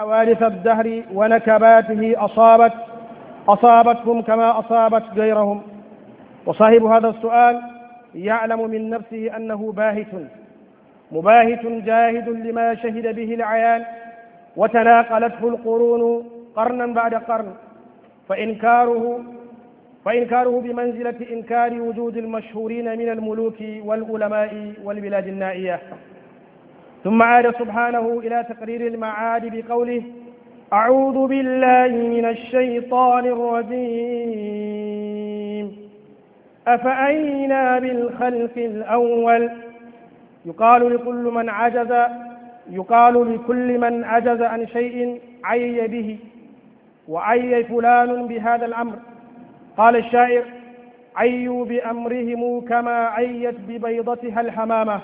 حوادث الدهر ونكباته أصابت أصابتهم كما أصابت غيرهم وصاحب هذا السؤال يعلم من نفسه أنه باهت مباهت جاهد لما شهد به العيان وتناقلته القرون قرنا بعد قرن فإنكاره فإنكاره بمنزلة إنكار وجود المشهورين من الملوك والعلماء والبلاد النائية ثم عاد سبحانه إلى تقرير المعاد بقوله أعوذ بالله من الشيطان الرجيم أفأينا بالخلق الأول يقال لكل من عجز يقال لكل من عجز عن شيء عي به وعي فلان بهذا الأمر قال الشاعر عيوا بأمرهم كما عيت ببيضتها الحمامة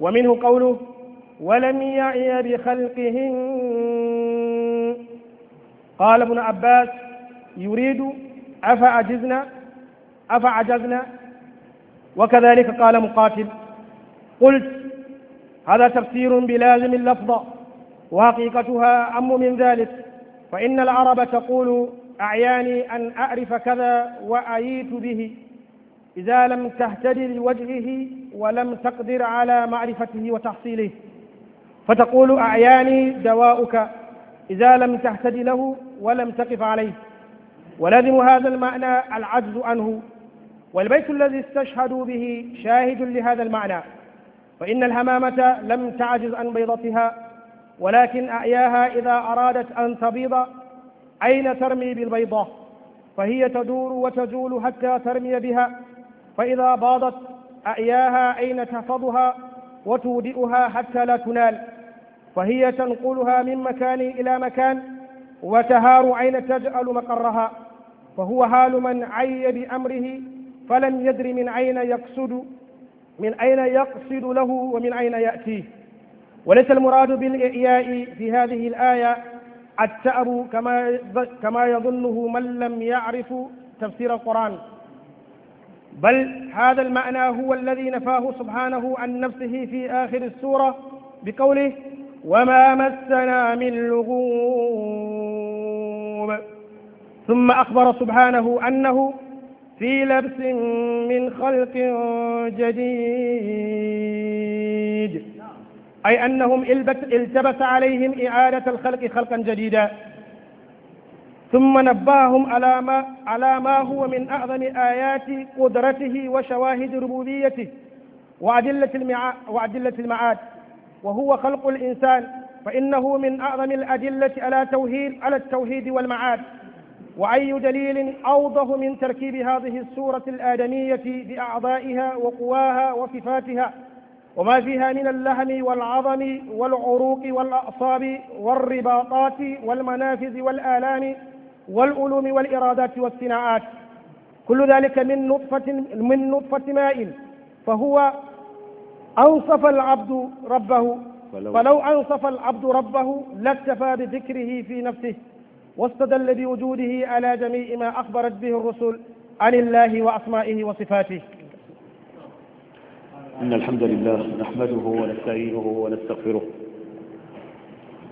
ومنه قوله ولم يعي بخلقهن قال ابن عباس يريد أفعجزنا أفعجزنا وكذلك قال مقاتل قلت هذا تفسير بلازم اللفظة وحقيقتها أم من ذلك فإن العرب تقول أعياني أن أعرف كذا وأيت به إذا لم تهتد لوجهه ولم تقدر على معرفته وتحصيله فتقول أعياني دواؤك إذا لم تهتد له ولم تقف عليه ولازم هذا المعنى العجز عنه والبيت الذي استشهدوا به شاهد لهذا المعنى فإن الهمامة لم تعجز عن بيضتها ولكن أعياها إذا أرادت أن تبيض أين ترمي بالبيضة فهي تدور وتجول حتى ترمي بها فإذا باضت أعياها أين تحفظها وتودئها حتى لا تنال فهي تنقلها من مكان إلى مكان وتهار أين تجعل مقرها فهو حال من عي بأمره فلم يدر من أين يقصد من أين يقصد له ومن أين يأتيه وليس المراد بالإعياء في هذه الآية التأب كما كما يظنه من لم يعرف تفسير القرآن بل هذا المعنى هو الذي نفاه سبحانه عن نفسه في آخر السورة بقوله وما مسنا من لغوب ثم أخبر سبحانه أنه في لبس من خلق جديد أي أنهم التبس عليهم إعادة الخلق خلقا جديدا ثم نبههم على ما, على ما هو من أعظم آيات قدرته وشواهد ربوبيته وأدلة المعاد, وأدلة المعاد وهو خلق الإنسان فإنه من أعظم الأدلة على توحيد على التوحيد والمعاد وأي دليل أوضح من تركيب هذه السورة الآدمية بأعضائها وقواها وصفاتها وما فيها من اللهم والعظم والعروق والأعصاب والرباطات والمنافذ والآلام والعلوم والإرادات والصناعات كل ذلك من نطفة من نطفة ماء فهو أنصف العبد ربه فلو, فلو أنصف العبد ربه لاكتفى بذكره في نفسه واستدل بوجوده على جميع ما أخبرت به الرسل عن الله وأسمائه وصفاته إن الحمد لله نحمده ونستعينه ونستغفره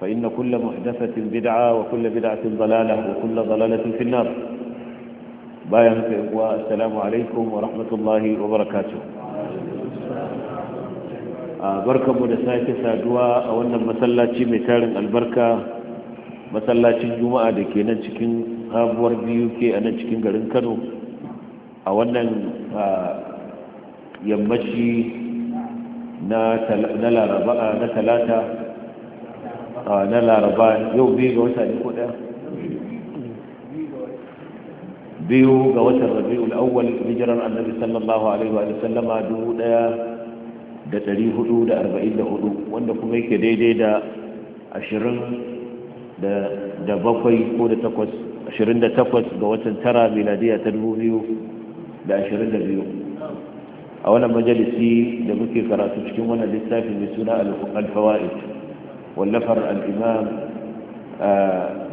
فإن كل محدثة بدعة وكل بدعة ضلالة وكل ضلالة في النار بايعك والسلام عليكم ورحمة الله وبركاته بركة مدساك سادوا أولا مسلاتي مثال البركة masallacin juma'a da ke nan cikin sabuwar biyu ke a nan cikin garin kano a wannan yammaci na talata na laraba yau biyu ga wata ne ɗaya biyu ga watan rabi'ul awwal hijiran annabi sallallahu alaihi wa sallama dubu ɗaya da ɗari hudu da arba'in da hudu wanda kuma yake daidai da ashirin da bakwai ko da takwas ashirin da takwas ga watan tara miladiya ta dubu biyu da ashirin da biyu a wannan majalisi da muke karatu cikin wannan littafin mai suna alfawa'id واللفر الإمام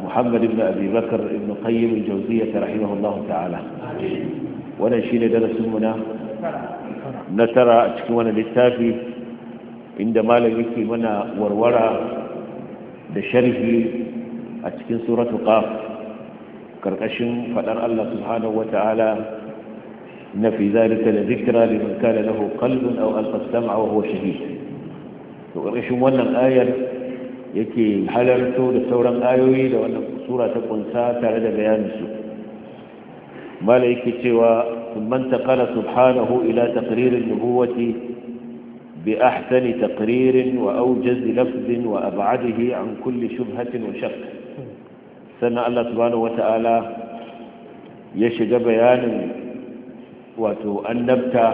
محمد بن أبي بكر بن قيم الجوزية رحمه الله تعالى ونشين درس منا نترى أتكوانا للتافي عندما لقيت منا ورورا دشرفي أتكين سورة قاف كرقشن فدر الله سبحانه وتعالى إن في ذلك لذكرى لمن كان له قلب أو ألقى السمع وهو شهيد كرقشن ونن آية yake halarto da sauran ayoyi da wannan sura ta kunsa tare da bayaninsu mala yake cewa man kara subhanahu ila taqririn nubuwati bi ahsani takririn wa awjaz lafzin wa ab'adihi an kulli shubhatin wa shak sannan Allah subhanahu wata'ala ya shiga bayanin wato annabta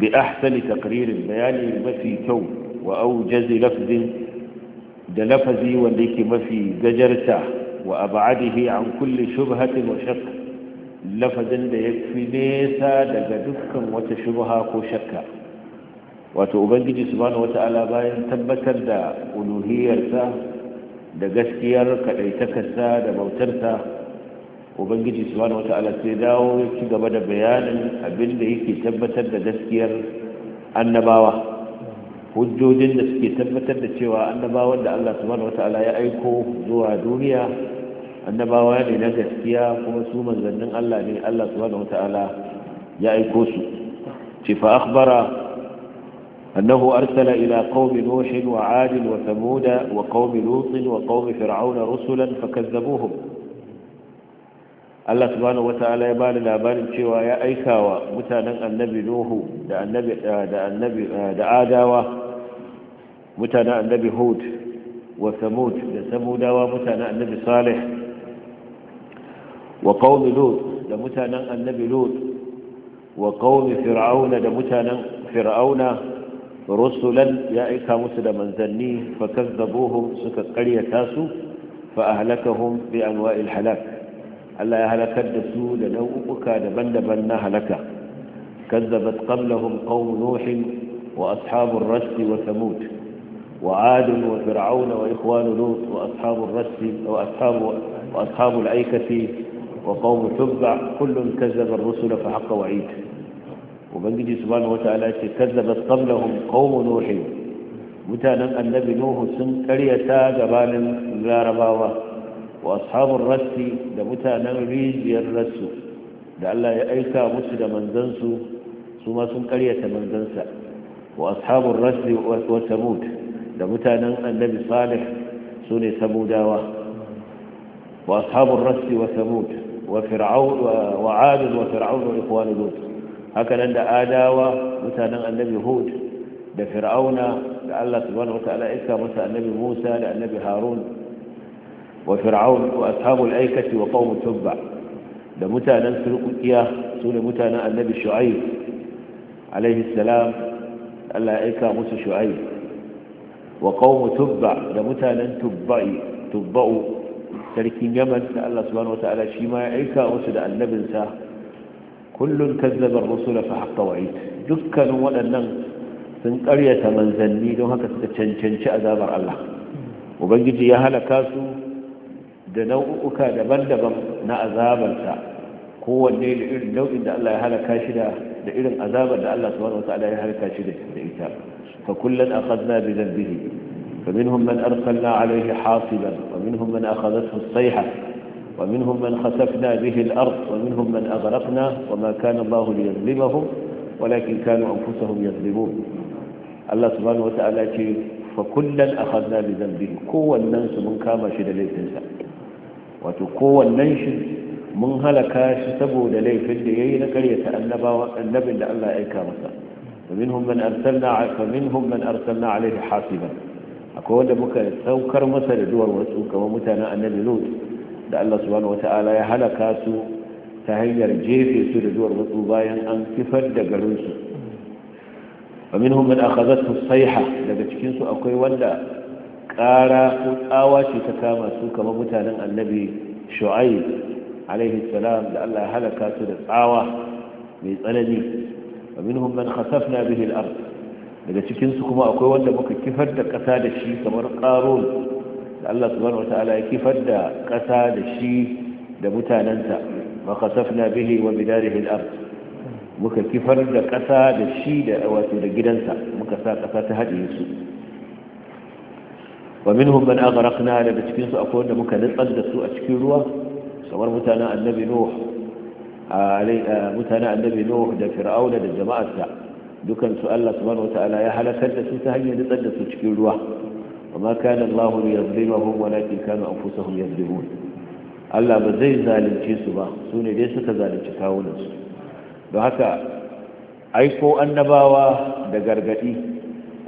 bi ahsani takririn bayani mafi kyau wa aujazi lafzin da lafazi wanda yake mafi gajarta wa abadihi an kulli shubhatin wa shakk lafazin da ya fi nesa daga dukkan wata shubha ko shakka wato ubangiji subhanahu wata'ala bayan tabbatar da uluhiyarsa da gaskiyar kadaitakarsa da bautarsa ubangiji subhanahu wata'ala sai dawo ya ci gaba da bayanin abin da yake tabbatar da gaskiyar annabawa hujjojin da suke tabbatar da cewa annabawan da Allah subhanahu wata'ala ya aiko zuwa duniya annabawa ne na gaskiya kuma su manzannin Allah ne Allah subhanahu wata'ala ya aiko su ce fa akhbara annahu arsala ila qaumi nuh wa 'ad wa thamud wa qaumi lut wa qaumi fir'aun rusulan fakazzabuhum Allah subhanahu wataala ya bada labarin cewa ya aika wa mutanen annabi Nuhu da annabi da annabi eh, da Adawa mutanen annabi Hud wa Samud da Samudawa mutanen annabi Salih wa qaumi Lut da mutanen annabi Lut wa qaumi Fir'auna da mutanen Fir'auna rusulan ya aika musu da manzanni fa kazzabuhum suka karyata su fa ahlakahum bi anwa'il halak Allah ya halakar da su da nau'uka daban-daban na halaka kazzabat qablahum qawm nuh wa ashabur rass wa thamud wa ad wa fir'aun wa ikhwan lut wa ashabur rass wa ashabu wa ashabul aikati wa qawm tubba kullun kazzaba ar-rusula fa haqqa wa'id ubangiji subhanahu wata'ala ce kazzabat qablahum qawm nuh mutanen annabi nuhu sun karyata gabanin larabawa wa ashabun rassi da mutanen rijiyar rassu da Allah ya aika musu da manzansu su ma sun karyata manzansa wa ashabun rassi wa samud da mutanen annabi salih su ne samudawa wa ashabun rassi wa samud wa adin wa fir'aun wa ikhwani lut hakanan da adawa mutanen annabi hud da fir'auna da Allah subhanahu wa ta'ala iska masa annabi Musa da annabi Harun wa fir'aun wa ashabul aikati wa qaumu tubba da mutanen surkukiya su mutanen annabi shu'aib alaihi salam Allah ya aika musu shu'aib wa qaumu tubba da mutanen tubba'u sarkin yaman da Allah subhanahu shi ma ya aika musu da annabinsa kullun kazzaba ar-rusul dukkanin waɗannan sun ƙaryata manzanni don haka suka cancanci azabar Allah ubangiji ya halaka su da nau'uka daban-daban na azabarsa kowanne da irin nau'in da Allah ya halaka shi da da irin azabar da Allah subhanahu wata'ala ya halaka shi da ita fa kullan akhadna bi dhanbihi fa minhum man arsalna alayhi hasiban wa minhum man akhadathu as-sayha wa minhum man khasafna bihi al-ard wa minhum man aghraqna wa ma kana Allah liyadhlimahum walakin kanu anfusahum yadhlimun Allah subhanahu wata'ala ce fa kullan akhadna bi dhanbihi kowannen su mun kama shi da laifinsa wato kowanne shi mun halaka shi saboda laifin da yayi na karyata annabawa annabin da Allah ya aika masa فمنهم من أرسلنا فمنهم من أرسلنا عليه akwai wanda muka saukar masa da duwar wasu kamar mutanen annabi lut da Allah subhanahu wata'ala ya halaka su ta hanyar jefe su da duwar wasu bayan an kifar da garinsu su wa minhum man akhadhathu daga cikinsu akwai wanda ƙara ko tsawa ce ta kama su kamar mutanen annabi shu'aib alaihi salam da Allah ya halaka su da tsawa mai tsanani wa minhum man khasafna bihi al-ard daga cikin su kuma akwai wanda muka kifar da ƙasa da shi kamar qarun da Allah subhanahu wataala ya kifar da ƙasa da shi da mutananta ma khasafna bihi wa bidarihi al-ard muka kifar da ƙasa da shi da wato da gidansa muka sa ƙasa ta haɗe su wa minhum man aghraqna daga cikinsu a akwai muka nutsar da su a cikin ruwa kamar mutanen annabi nuh eh, annabi da fir'auna da jama'arsa dukan su Allah subhanahu wataala ya halakar da su ta hanyar nutsar da su cikin ruwa wani ake الله an fusa كانوا انفسهم يظلمون Allah ba zai zalunce su ba su ne dai suka zalunci kawunansu don haka aiko annabawa da gargadi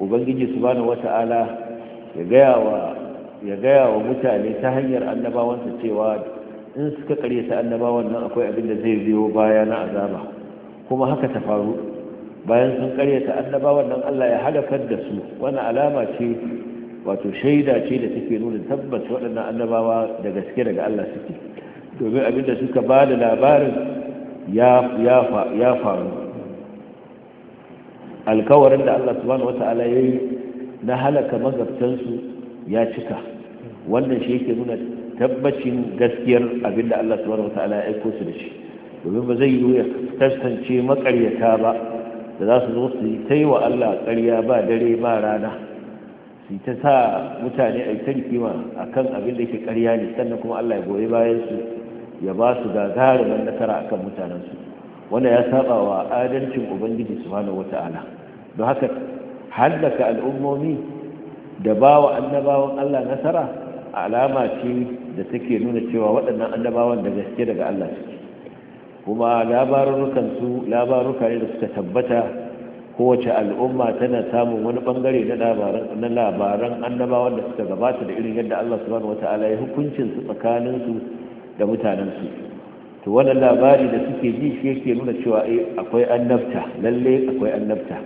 ubangiji subhanahu wata'ala ya gaya wa mutane ta hanyar annabawansa cewa in suka karyata annabawan nan akwai abin da zai biyo baya na azaba kuma haka ta faru bayan sun karyata annabawan nan Allah ya halakar da su wani alama ce wato shaida ce da take nuna tabbas waɗannan annabawa da gaske daga Allah suke domin abin da suka ba da labarin ya faru alkawarin da Allah subhanahu wata'ala ya yi na halaka magabtansu ya cika wannan shi yake nuna tabbacin gaskiyar abin da Allah subhanahu wataala ya aiko su da shi domin ba zai yiwu ya kasance makaryata ba da za su zo su yi ta yi wa Allah ƙarya ba dare ba rana su ta sa mutane a yi ta rikima a kan abin da yake ƙarya ne sannan kuma Allah ya goyi bayan su ya ba su gagarumin nasara akan mutanensu wanda ya saba wa adalcin ubangiji subhanahu wataala don haka hallaka al'ummomi da ba wa annabawan Allah nasara alama ce da take nuna cewa waɗannan annabawan da gaske daga Allah suke kuma labarukan su labaruka ne da suka tabbata kowace al'umma tana samun wani bangare na labaran annabawan da suka gabata da irin yadda Allah subhanahu wata'ala ya hukuncin su tsakanin su da mutanen su to wannan labari da suke ji shi yake nuna cewa eh, akwai annabta lalle akwai annabta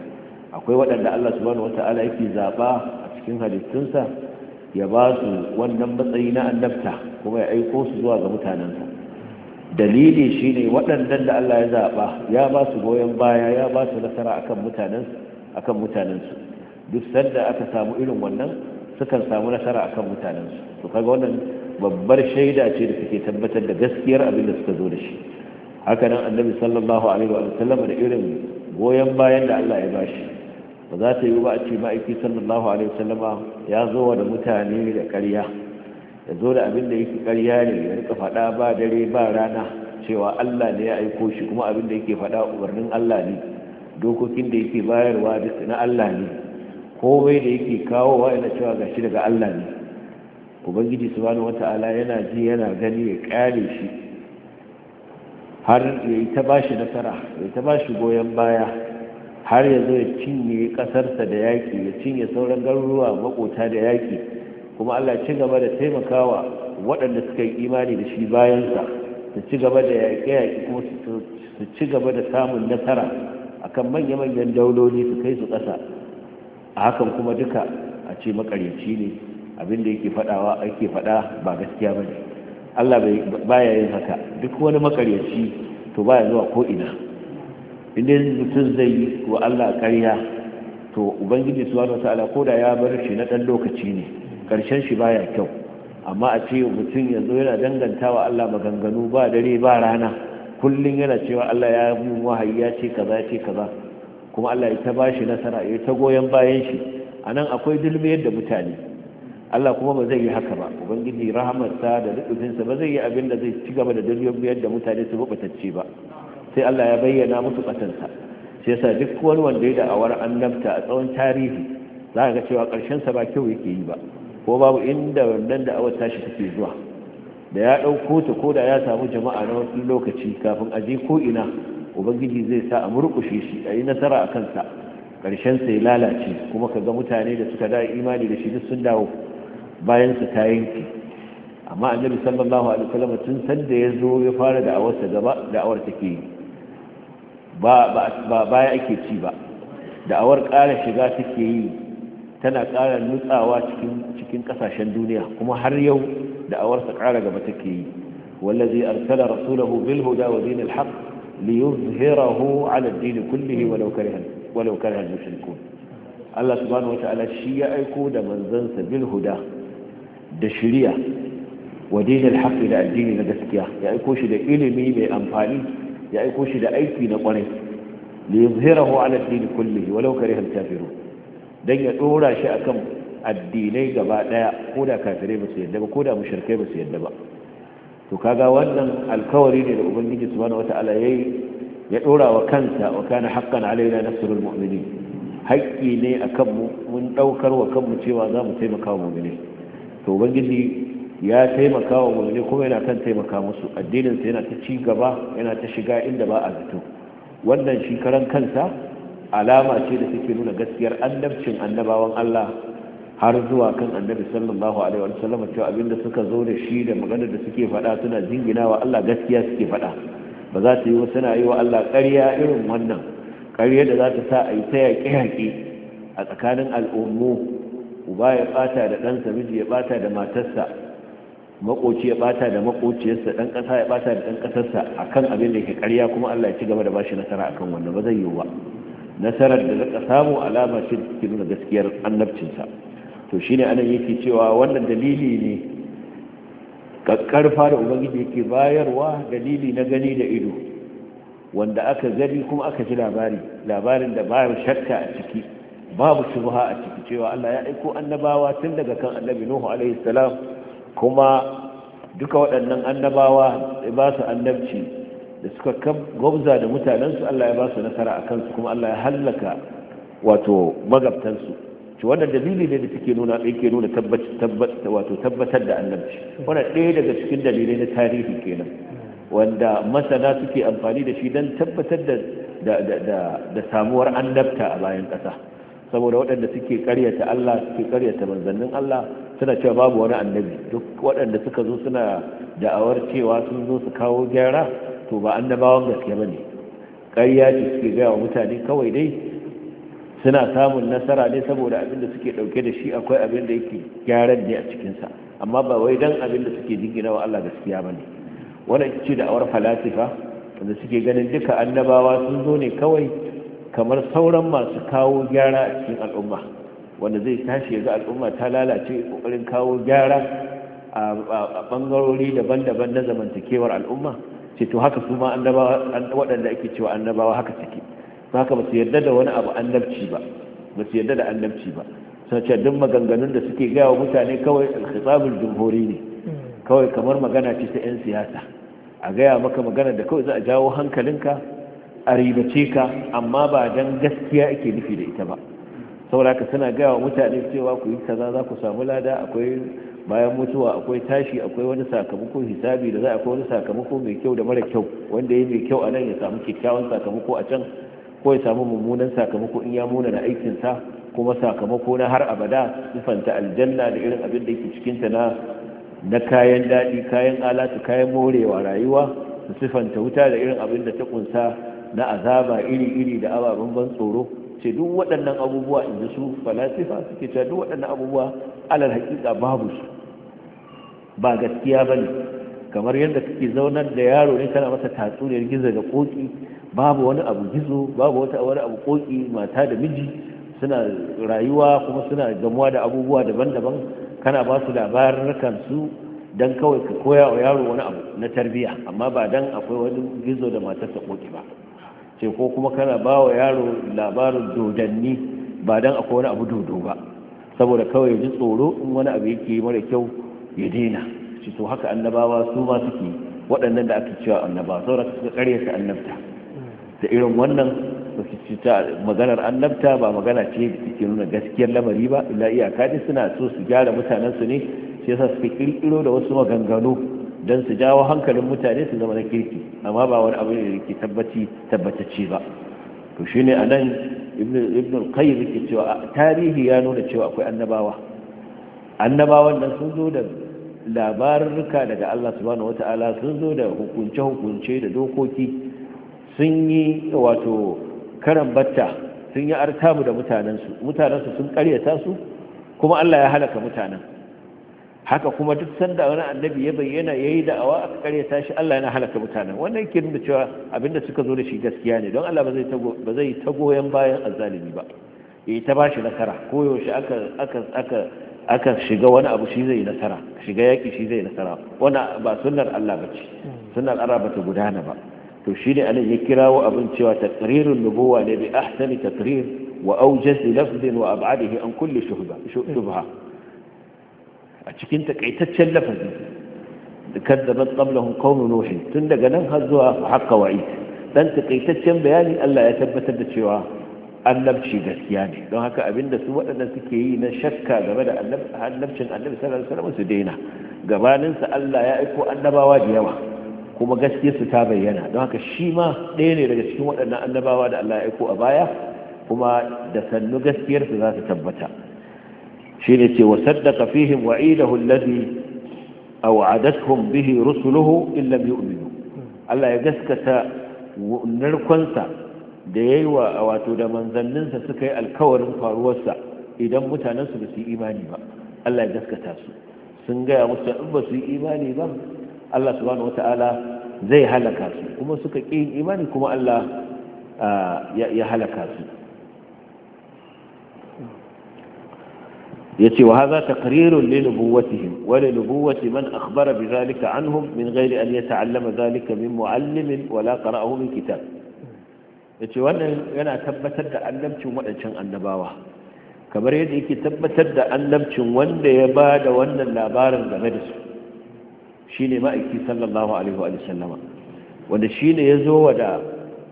akwai waɗanda Allah subhanahu wata'ala yake zaba a cikin halittunsa ya ba su wannan matsayi na annabta kuma ya aiko su zuwa ga mutanensa dalili shine waɗannan da Allah ya zaba ya ba su goyon baya ya ba su nasara akan mutanensu akan mutanensu duk sanda aka samu irin wannan sukan samu nasara akan mutanensu to kaga wannan babbar shaida ce da suke tabbatar da gaskiyar abin da suka zo da shi haka nan annabi sallallahu alaihi wa sallam da irin goyon bayan da Allah ya bashi ba za ta yi ba a ce ma'aiki sallallahu alaihi wasallama ya zo da mutane da ƙarya ya zo da abin da yake ƙarya ne ya rika faɗa ba dare ba rana cewa Allah ne ya aiko shi kuma abin da yake faɗa umarnin Allah ne dokokin da yake bayarwa duk na Allah ne komai da yake kawowa ina cewa ga shi daga Allah ne ubangiji subhanahu wata'ala yana ji yana gani ya ƙare shi har ya yi ta bashi nasara ya ta bashi goyon baya har yanzu ya cinye ƙasarsa da yaƙi ya cinye sauran garuruwa makota da yaƙi kuma allah ci gaba da taimakawa waɗanda suka yi imani da shi bayansa su ci gaba da yaƙe-yaƙi kuma su ci gaba da samun nasara akan manya-manyan dauloli su kai su ƙasa a hakan kuma duka a ce makarici ne abinda yake faɗawa ake faɗa ba gaskiya ba ne allah baya yin haka duk wani makaryaci to baya zuwa ko ina idan mutum zai yi wa Allah ƙarya to ubangiji su wata ta'ala ko da ya bar shi na ɗan lokaci ne ƙarshen shi baya kyau amma a ce mutum yanzu yana danganta wa Allah maganganu ba dare ba rana kullum yana cewa Allah ya yi wahayi ya ce kaza ya ce kaza kuma Allah ya ta bashi nasara ya ta goyon bayan shi anan akwai dulmiyar da mutane Allah kuma ba zai yi haka ba ubangiji rahamarsa da rukuninsa ba zai yi abin da zai ci gaba da dalilin yadda mutane su rubatacce ba sai Allah ya bayyana musu batansa sai yasa duk wani wanda ya da'awar annabta a tsawon tarihi za ga cewa karshen sa ba kyau yake yi ba ko babu inda wannan da'awar tashi take zuwa da ya dauko ta ko da ya samu jama'a na wani lokaci kafin aje ko ina ubangiji zai sa a murkushe shi a yi nasara a kansa karshen sa ya lalace kuma kaga mutane da suka da imani da shi duk sun dawo bayan su ta yanki amma annabi sallallahu alaihi wasallam tun sanda da ya zo ya fara da'awarsa gaba da'awar take yi ba baya ake ci ba da'awar ƙara shiga take yi tana ƙara nutsawa cikin ƙasashen duniya kuma har yau da'awarsa ƙara gaba take yi wallazi arsala rasulahu bil huda wa dinil haqq liyuzhirahu ala ad-din kullihi walau kariha walau mushrikun Allah subhanahu wa ta'ala shi ya aiko da manzansa bil huda da shiriya wa dinil haqq da addini na gaskiya ya aiko shi da ilimi mai amfani ya aiko shi da aiki na kwarai li yuzhirahu ala din kullihi walau dan ya dora shi akan addinai gaba daya koda kafirai ba su yadda ba koda mushrikai ba su yadda ba to kaga wannan alkawari ne da ubangiji subhanahu wataala yayi ya dora wa kansa wa kana haqqan alaina nasrul mu'minin haƙƙi ne akan mu mun daukar wa kanmu cewa za mu taimaka wa mu'mini to ubangiji ya taimaka wa mulmi kuma yana kan taimaka musu addininsa yana ta ci gaba yana ta shiga inda ba a zato wannan shi karan kansa alama ce da suke nuna gaskiyar annabcin annabawan Allah har zuwa kan annabi sallallahu alaihi wa sallam cewa abinda suka zo da shi da maganar da suke faɗa suna wa Allah gaskiya suke faɗa ba za ta yi suna yi wa Allah ƙarya irin wannan ƙarya da za ta sa a yi ta yaƙe-yaƙe a tsakanin al'ummu uba ya ɓata da ɗansa miji ya ɓata da matarsa makoci ya bata da makociyarsa dan kasa ya bata da dan kasarsa akan abin da yake ƙarya kuma Allah ya ci gaba da bashi nasara akan wannan ba zai yiwu ba nasarar da zaka samu alama ce take nuna gaskiyar annabcinsa to shine anan yake cewa wannan dalili ne kakkarfa da ubangiji yake bayarwa dalili na gani da ido wanda aka gani kuma aka ji labari labarin da bayar shakka a ciki babu shubha a ciki cewa Allah ya aiko annabawa tun daga kan annabi Nuhu alaihi salam kuma duka waɗannan annabawa ya ba su annabci da suka gwabza da mutanensu Allah ya ba su nasara a kansu kuma Allah ya hallaka wato magabtansu ci wannan dalili ne da suke nuna yake nuna wato tabbatar da annabci wannan ɗaya daga cikin dalilai na tarihi kenan wanda masana suke amfani da shi don tabbatar da samuwar annabta a bayan ƙasa saboda waɗanda suke karyata Allah suke karyata manzannin Allah suna cewa babu wani annabi duk waɗanda suka zo suna da'awar cewa sun zo su kawo gyara to ba annabawan gaske ba ne ƙarya ce suke gaya wa mutane kawai dai suna samun nasara ne saboda abin da suke ɗauke da shi akwai abin da yake gyaran ne a cikinsa amma ba wai dan abin da suke jingina wa Allah gaskiya ba ne wannan ce da'awar falasifa wanda suke ganin duka annabawa sun zo ne kawai kamar sauran masu kawo gyara a cikin al'umma wanda zai tashi ya ga al'umma ta lalace kokarin kawo gyara a bangarori daban-daban na zamantakewar al'umma ce to haka su ma waɗanda ake cewa annabawa haka suke haka ka basu yarda da wani abu annabci ba ba su yarda da annabci ba sun ce duk maganganun da suke gaya wa mutane kawai alkhisabul jumhuri ne hmm. kawai kamar magana ce ta 'yan siyasa a gaya maka magana da kawai za a jawo hankalinka a ribace ka amma ba don gaskiya ake nufi da ita ba saboda suna gaya wa mutane cewa ku yi kaza za ku samu lada akwai bayan mutuwa akwai tashi akwai wani sakamako hisabi da za a wani sakamako mai kyau da mara kyau wanda ya mai kyau a nan ya samu kyakkyawan sakamako a can ko ya samu mummunan sakamako in ya muna da aikinsa kuma sakamako na har abada sifanta aljanna da irin abin da yake cikinta na na kayan daɗi kayan alatu kayan morewa rayuwa su sifanta wuta da irin abin da ta kunsa na azaba iri-iri da ababen ban tsoro ce duk waɗannan abubuwa ji su falasifa suke ce duk waɗannan abubuwa alal haƙiƙa babu su ba gaskiya ba ne kamar yadda kake zaunar da yaro ne kana masa tatsuniyar gizo da koki babu wani abu gizo babu wata wani abu koki mata da miji suna rayuwa kuma suna gamuwa da abubuwa daban-daban kana ba su labarin su don kawai ka koya wa yaro wani abu na tarbiyya amma ba don akwai wani gizo da matarsa koki ba sai ko kuma kana ba wa yaro labarin dodanni ba don akwai wani abu dodo ba saboda kawai ya ji tsoro in wani abu yake mara kyau ya daina shi to haka annabawa su ma suke waɗannan da aka cewa annabawa saboda suka karyata annabta da irin wannan ba su ci ta maganar annabta ba magana ce da take nuna gaskiyar lamari ba illa iyaka dai suna so su gyara mutanensu ne shi yasa suka kirkiro da wasu maganganu don su jawo hankalin mutane su zama na kirki amma ba wani abu ne da ke tabbaci tabbatacce ba to ne a nan ibn qayyim yake cewa tarihi ya nuna cewa akwai annabawa annabawan nan sun zo da labarurruka daga Allah subhanahu wata'ala sun zo da hukunce hukunce da dokoki sun yi wato karan batta sun yi artabu da mutanensu mutanensu sun karyata su kuma Allah ya halaka mutanen haka kuma duk sanda wani annabi ya bayyana ya yi da'awa aka karyata shi Allah yana halaka mutane wannan ke nuna cewa abinda suka zo da shi gaskiya ne don Allah ba zai ta goyon bayan azzalimi ba ya ta ba shi nasara ko yaushe aka shiga wani abu shi zai nasara shiga yaki shi zai nasara wannan ba sunnar Allah ba ce sunnar Allah ba ta gudana ba to shi ne anan ya kirawo abin cewa taqrirun nubuwa ne bi ahsani taqrir wa awjaz lafzin wa ab'adihi an kulli shubha a cikin takaitaccen lafazi da kadzabat qablahum qaum nuh tun daga nan har zuwa haqqa wa'id dan takaitaccen bayani Allah ya tabbatar da cewa annabci gaskiya ne don haka abinda su waɗanda suke yi na shakka game da annabcin annabi sallallahu alaihi wasallam su daina gabaninsa Allah ya aiko annabawa da yawa kuma gaskiyarsu ta bayyana don haka shi ma ɗaya ne daga cikin waɗannan annabawa da Allah ya aiko a baya kuma da sannu gaskiyarsu za su tabbata ne ce wa saddaka fihim wa'idahu a aw'adathum bihi rusuluhu illa yu'minu Allah ya gaskata narkonsa da yayi wa wato da manzanninsa suka yi alkawarin faruwarsa idan mutanensu su ba su imani ba Allah ya gaskata su sun gaya musu in ba su yi imani ba Allah subhanahu wata'ala zai halaka su kuma suka ƙi imani kuma Allah ah, ya halaka su yace wa hadha taqrirun li nubuwwatihim wa li nubuwwati man akhbara bi zalika anhum min ghairi an yata'allama zalika min mu'allimin wa la qara'ahu min kitab yace wannan yana tabbatar da annabcin wadancan annabawa kamar yadda yake tabbatar da annabcin wanda ya ba da wannan labarin game da su shine ne ma'aiki sallallahu alaihi wa sallama wanda shine ne ya zo wa da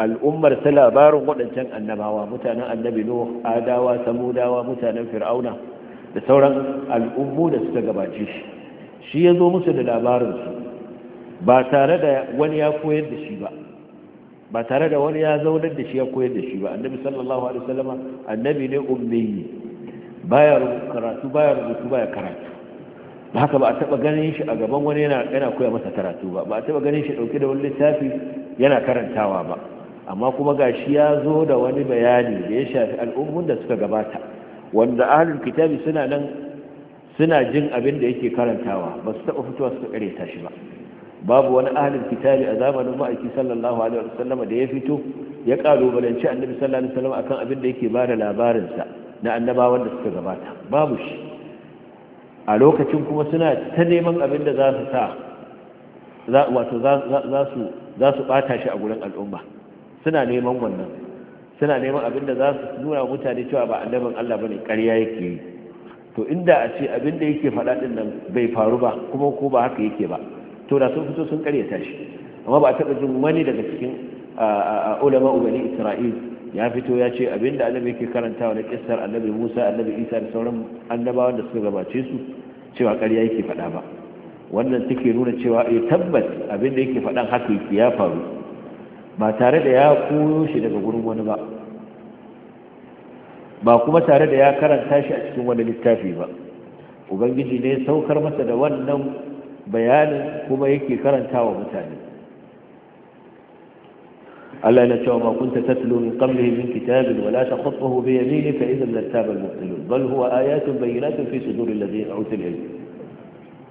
al'ummar ta labarin waɗancan annabawa mutanen annabi nuh adawa samudawa mutanen fir'auna da sauran al'ummu da suka gabace shi shi ya zo musu da labarinsu ba tare da wani ya koyar da shi ba ba tare da wani ya zaunar da shi ya koyar da shi ba annabi sallallahu alaihi wasallama annabi ne ummiyi baya karatu baya rubutu baya karatu ba haka ba a taba ganin shi a gaban wani yana yana koya masa karatu ba ba a taba ganin shi dauke da wani littafi yana karantawa ba amma kuma gashi ya zo da wani bayani da ya shafi al'ummun da suka gabata wanda ahalin kitabi suna nan suna jin abin da yake karantawa ba su taɓa fitowa suka ta shi ba babu wani ahalin kitabi a zamanin ma'aiki sallallahu alaihi wasallam da ya fito ya kalubalanci annabi sallallahu alaihi wasallam akan abin da yake bada labarin sa na annabawan da suka gabata babu shi a lokacin kuma suna ta neman abin da za su sa wato za su ɓata shi a gurin al'umma suna neman wannan suna neman abin da za su nuna mutane cewa ba annabin Allah bane ƙarya yake yi to inda a ce abin da yake faɗa din nan bai faru ba kuma ko ba haka yake ba to da sun fito sun ƙaryata shi amma ba a taɓa jin wani daga cikin ulama ubani isra'il ya fito ya ce abin da annabi yake karantawa na kissar annabi musa annabi isa da sauran annabawa da suka gabace su cewa ƙarya yake faɗa ba wannan take nuna cewa ya eh, tabbas abin da yake faɗan haka yake ya faru ba tare da ya koyo shi daga gurin wani ba ba kuma tare da ya karanta shi a cikin wani littafi ba ubangiji ne saukar masa da wannan bayanin kuma yake karanta wa mutane Allah na cewa ma kunta tatlu min qablihi min kitabin la takhutuhu bi yaminika idhan lattaba al-mubtilun bal huwa ayatun bayyinatun fi suduri alladhina utul ilm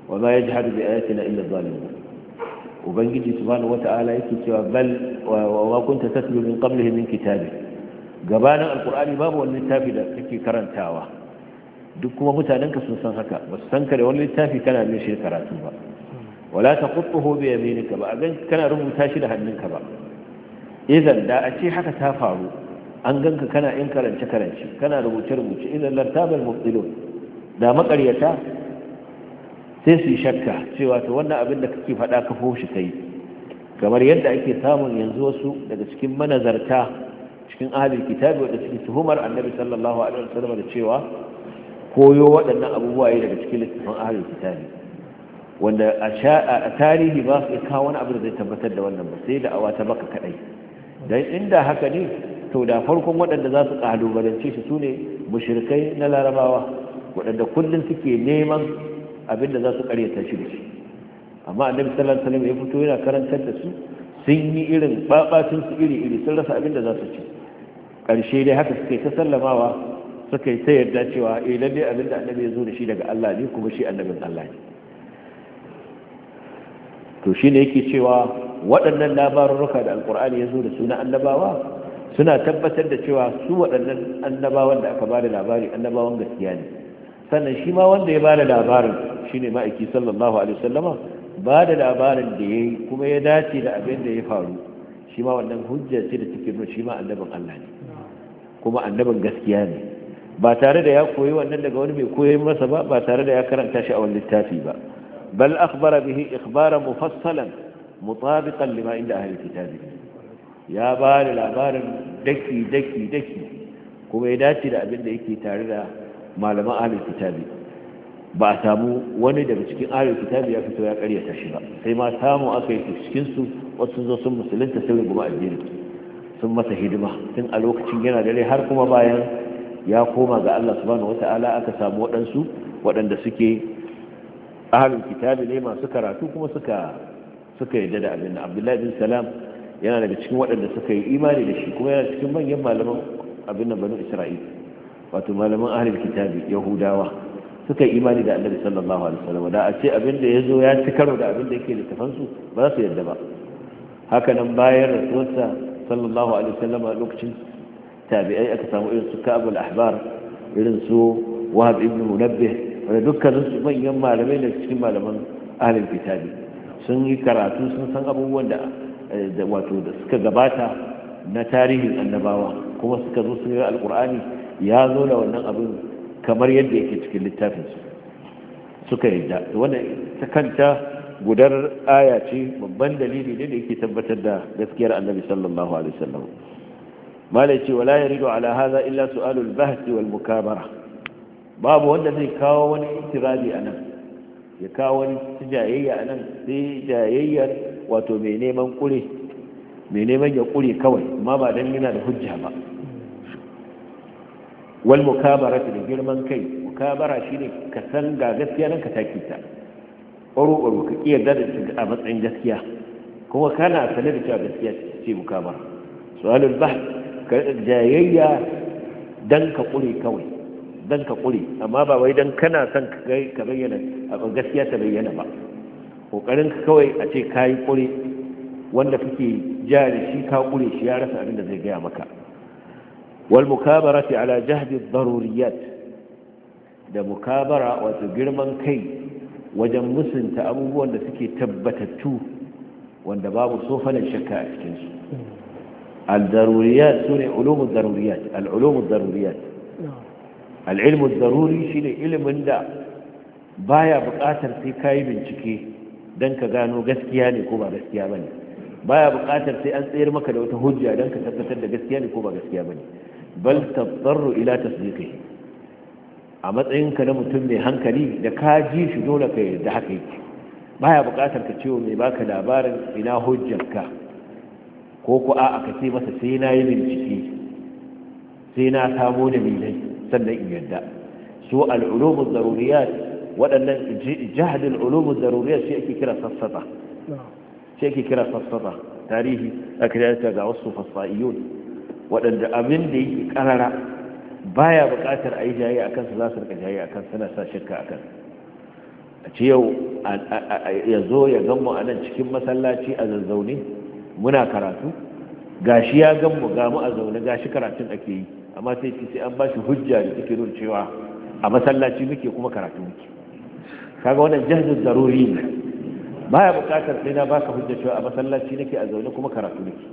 wa ma yajhadu bi ayatina illa adh-dhalimun ubangiji subhanahu wa ta'ala yake cewa bal wa kunta tatlu min qablihi min kitabin gabanin alkur'ani babu wani littafi da kake karantawa duk kuma mutanenka sun san haka ba su san kare wani littafi kana mai shi karatu ba wala ta kuɓɓuhu ya yaminika ba a ganka kana rubuta shi da hannunka ba idan da a ce haka ta faru an ganka kana yin karance karance kana rubuce rubuce idan lartabal mubtilun da makaryata sai su yi shakka cewa to wannan abin da kake faɗa ka shi kai kamar yadda ake samun yanzu wasu daga cikin manazarta cikin ahalin kitabi wadda suke tuhumar annabi sallallahu alaihi wasallam da cewa koyo waɗannan abubuwa ya daga cikin littafin ahalin kitabi wanda a tarihi ba su kawo wani abu da zai tabbatar da wannan ba sai da awa ta baka kaɗai. dan inda haka ne to da farkon waɗanda za su kalubalance shi su ne mushrikai na larabawa waɗanda kullum suke neman abin da za su karyata shi da shi amma annabi sallallahu alaihi ya fito yana karantar da su sun yi irin babacin su iri iri sun rasa abin da za su ci ƙarshe dai haka suka yi ta sallamawa suka yi ta yarda cewa eh lalle abin da annabi ya zo da shi daga Allah ne kuma shi annabin Allah ne to shi ne yake cewa waɗannan labarurruka da alkur'ani ya zo da suna annabawa suna tabbatar da cewa su waɗannan annabawan da aka ba da labari annabawan gaskiya ne sannan shi ma wanda ya ba da labarin shi ne ma'aiki sallallahu alaihi wasallama ba da labarin da ya yi kuma ya dace da abin da ya faru shi ma wannan hujja ce da take nuna shi ma annabin allah ne kuma annabin gaskiya ne ba tare da ya koyi wannan daga wani mai koyi masa ba ba tare da ya karanta shi a wani littafi ba bal akhbara bihi ikhbara mufassalan mutabiqan lima inda ahli kitabi ya ba da labarin daki daki daki kuma ya dace da abin da yake tare da malaman ahli kitabi ba a samu wani daga cikin ahli kitabi ya fito ya karyata shi ba sai ma samu aka yi cikin su wasu zo sun musulunta sai kuma addini sun masa hidima tun a lokacin yana dare har kuma bayan ya koma ga Allah subhanahu wata'ala aka samu waɗansu waɗanda suke ahalin kitabi ne masu karatu kuma suka suka yarda da abin abdullahi bin salam yana daga cikin waɗanda suka yi imani da shi kuma yana cikin manyan malaman abin nan banu isra'ila wato malaman ahalin kitabi yahudawa suka yi imani da annabi sallallahu alaihi wasallam da a ce abin da ya zo ya ci karo da abin da yake littafansu ba za su yarda ba haka nan bayan rasuwarsa sallallahu alaihi wasallam a lokacin tabi'ai aka samu irin su Ka'ab al-Ahbar irin su Wahab ibn Munabbih da dukkanin su manyan malamai ne cikin malaman ahlul kitabi sun yi karatu sun san abubuwan da wato da suka gabata na tarihin annabawa kuma suka zo sun yi ya zo da wannan abin kamar yadda yake cikin littafin su suka yadda wannan ta kanta gudar aya ce babban dalili ne da yake tabbatar da gaskiyar annabi sallallahu alaihi wasallam malai ce wala yaridu ala hadha illa su'alul bahth wal mukabara babu wanda zai kawo wani itirazi anan ya kawo wani jayayya anan sai jayayyar wato mai neman kure mai neman ya kure kawai amma ba dan yana da hujja ba wal mukabara da girman kai mukabara shine ka san ga gaskiya nan ka take ta ɓaro-ɓaro ka iya gada su a matsayin gaskiya kuma kana sanar da cewa gaskiya ce mukama su'alul bah ka jayayya dan ka ƙure kawai ka ƙure amma ba wai dan kana son ka bayyana a gaskiya ta bayyana ba ƙoƙarin ka kawai a ce ka yi ƙure wanda kake ja da shi ka ƙure shi ya rasa abin da zai gaya maka wal mukabarati ala jahdi daruriyat da mukabara wato girman kai wajen musunta abubuwan da suke tabbatattu wanda babu sofanin shakka a cikinsu al-daruriyat su ne ulumun daruriyat al-ulumun daruriyat al-ilmun daruri shi ne ilimin da ba ya buƙatar sai kayi bincike don ka gano gaskiya ne ko ba gaskiya ba ne baya buƙatar sai an tsayar maka da wata hujja don ka tabbatar da gaskiya ne ko ba gaskiya ba ne bal tattaru ila tasdiqihi a matsayinka na mutum mai hankali da ka ji shi dole ka yarda haka yake baya bukatar ka cewa mai baka labarin ina hujjarka ko ku a ka ce masa sai na yi bincike sai na samo dalilai sannan in yarda su al'ulumu zaruriyat waɗannan jahadin ulumu zaruriyat shi ake kira sassata shi ake kira sassata tarihi a kirarta ga wasu fasfa'iyun waɗanda abin da yake ƙarara baya buƙatar a yi jayi a kansa za su rika jayi a kansa na sa shirka a kansa a ce yau ya zo ya gan mu a nan cikin masallaci a zazzauni muna karatu Ga shi ya gan mu ga mu a zaune gashi karatun ake yi amma sai ce sai an ba shi hujja da take nuna cewa a masallaci muke kuma karatu muke kaga wannan jahilin zaruri ne baya buƙatar sai na baka hujja cewa a masallaci nake a zaune kuma karatu nake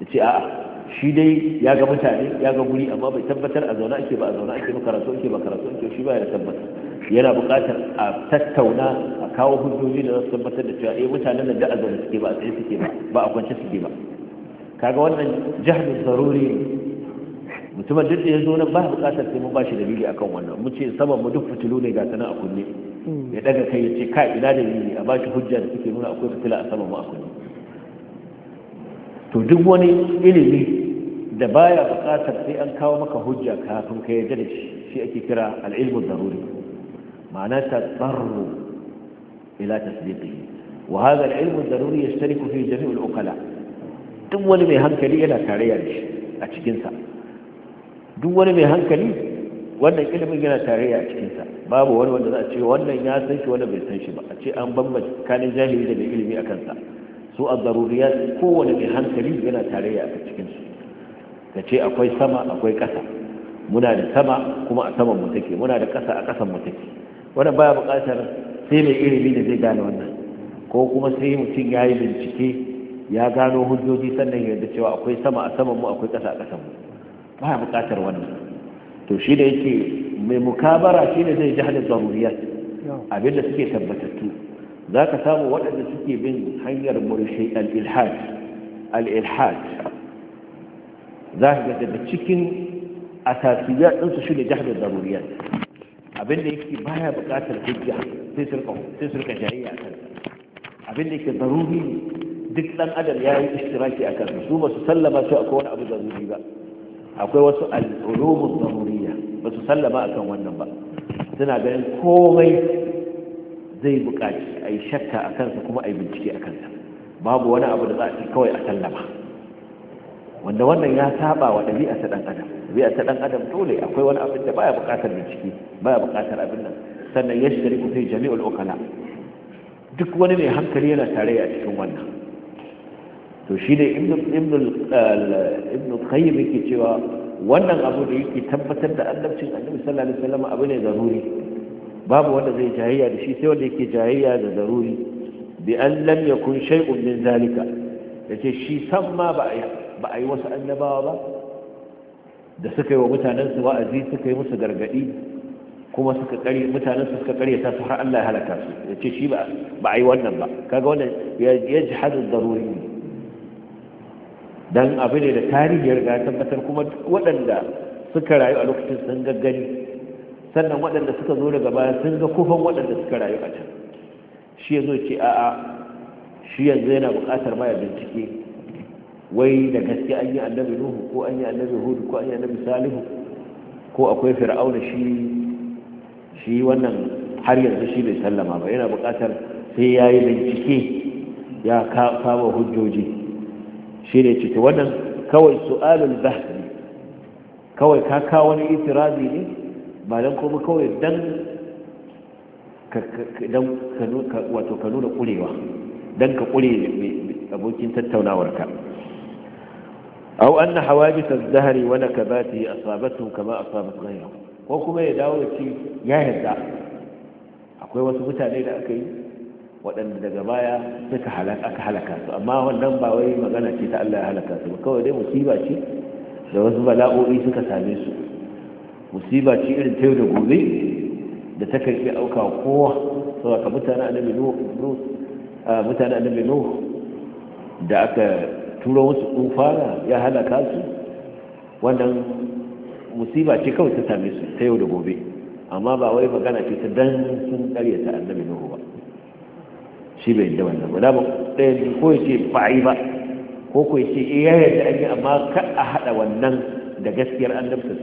ya ce a'a shi dai ya ga mutane ya ga guri amma bai tabbatar a zaune ake ba a zaune ake ba ake ba ake shi ba ya tabbatar yana buƙatar a tattauna a kawo hujjoji da za tabbatar da cewa eh mutanen da a zaune suke ba a tsaye suke ba ba a kwance suke ba kaga wannan jahilin zaruri mutumin duk da ya zo nan ba buƙatar sai mun ba shi dalili akan wannan mu ce saban mu duk fitilu ne ga sanan a kunne hmm. ya daga kai ya ce ka ina dalili a ba shi hujja da suke nuna akwai fitila a saman mu a kunne to duk wani ilimi da baya buƙatar sai an kawo maka hujja kafin ka yadda da shi shi ake kira al'ilmun daruri ma'ana ta tsarro ila tasdiqihi wa hadha al'ilmu daruri yashtariku fi jami'il uqala duk wani mai hankali yana tarayya da shi a cikinsa? duk wani mai hankali wannan ilimin yana tarayya a cikin babu wani wanda za a ce wannan ya san shi wannan bai san shi ba a ce an bambanta kanin jahili da mai ilimi a kansa, su a daruriyat kowane mai hankali yana tarayya a cikinsu. ka ce akwai sama akwai ƙasa muna da sama kuma a saman mu take muna da ƙasa a ƙasan mu take baya buƙatar sai mai ilimi da zai gane wannan ko kuma sai mutum ya yi bincike ya gano hujjoji sannan yadda cewa akwai sama a saman mu akwai ƙasa a ƙasan mu baya buƙatar wannan to shi da yake mai mukabara shi ne zai ji hada zaruriyar abinda suke tabbatattu za ka samu waɗanda suke bin hanyar murshe al-ilhad al-ilhad za ka ga daga cikin asasiyar ɗinsu shi ne da zaruriyar abinda yake baya buƙatar hujja sai surka sai surka jayayya kan abinda yake zaruri ne duk ɗan adam ya yi ishtiraki a kansu su ba su sallama su akwai wani abu zaruri ba akwai wasu al'ulumun zaruriya ba su sallama akan wannan ba suna ganin komai zai buƙaci a yi shakka a kansa kuma a yi bincike a kansa babu wani abu da za a ci kawai a sallama wanda wannan ya saba wa ɗabi'a ta ɗan adam ɗabi'a ta ɗan adam dole akwai wani abin da baya buƙatar bincike baya buƙatar abin nan sannan ya shiri ku sai jami'ul ukala duk wani mai hankali yana tare a cikin wannan to shi ne eh, ibn qayyim yake cewa wannan abu da yake tabbatar da annabcin annabi sallallahu alaihi wasallam abu ne zaruri babu wanda zai jayayya da shi sai wanda yake jayayya da zaruri bi an lam yakun shay'un min zalika yace shi san ma ba a ba a yi wasu annabawa ba da suka yi wa mutanensu wa'azi suka yi musu gargadi kuma suka kare mutanensu suka kare ta su har Allah ya halaka su ya shi ba a yi wannan ba kaga wannan ya ji hadin daruri dan abu ne da tarihi ya riga tabbatar kuma waɗanda suka rayu a lokacin sun gaggani sannan waɗanda suka zo daga baya sun ga kufan waɗanda suka rayu a can shi ya zo ce a'a shi yanzu yana buƙatar maya bincike wai da gaske an yi annabi nuhu ko an yi annabi hudu ko an yi annabi salihu ko akwai fir'auna shi shi wannan har yanzu shi bai sallama ba yana buƙatar sai ya yi bincike ya kama hujjoji shi ne ciki wannan kawai su'alul bahri kawai ka kawo wani itirazi ne ba dan kuma kawai dan dan wato ka nuna kurewa dan ka kure abokin tattaunawarka Au أو أن حوادث الدهر ونكباته أصابته كما أصابت غيره وكما يداوي شيء يهدى akwai wasu mutane da aka yi waɗanda daga baya suka aka halaka su amma wannan ba wai magana ce ta Allah ya halaka su kawai dai musiba ce da wasu bala'o'i suka same su musiba ce irin ta da gobe da ta kan auka kowa saboda mutane annabi nuh da aka turo wasu tsufana ya halaka su wannan musiba ce kawai ta same su ta yau da gobe amma ba wai magana ce ta dan sun karyata annabi nuhu ba shi bai da wannan ba da ba ɗaya ko ya ce ba yi ba ko ko eh ya iya yadda an yi amma ka a haɗa wannan da gaskiyar annabta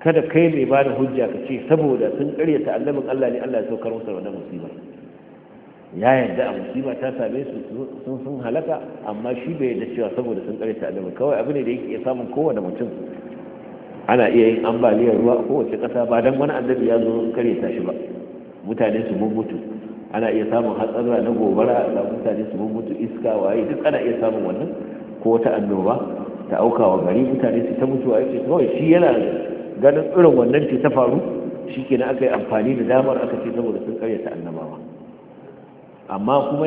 kada kai mai ba da hujja ka ce saboda sun karyata annabin allah ne allah ya saukar musu wannan musibar ya yadda a musiba ta same su sun sun halaka amma shi bai yadda cewa saboda sun karyata annabi kawai abu ne da yake iya samun kowane mutum ana iya yin ambaliyar ruwa a kowace kasa ba don wani annabi ya zo karyata shi ba mutane su mutu ana iya samun hatsarra na gobara da mutane su mutu iska waye duk ana iya samun wannan ko wata annoba ta auka wa gari mutane su ta mutuwa ce kawai shi yana ganin irin wannan ce ta faru shi kenan aka yi amfani da damar aka ce saboda sun karyata annabawa amma kuma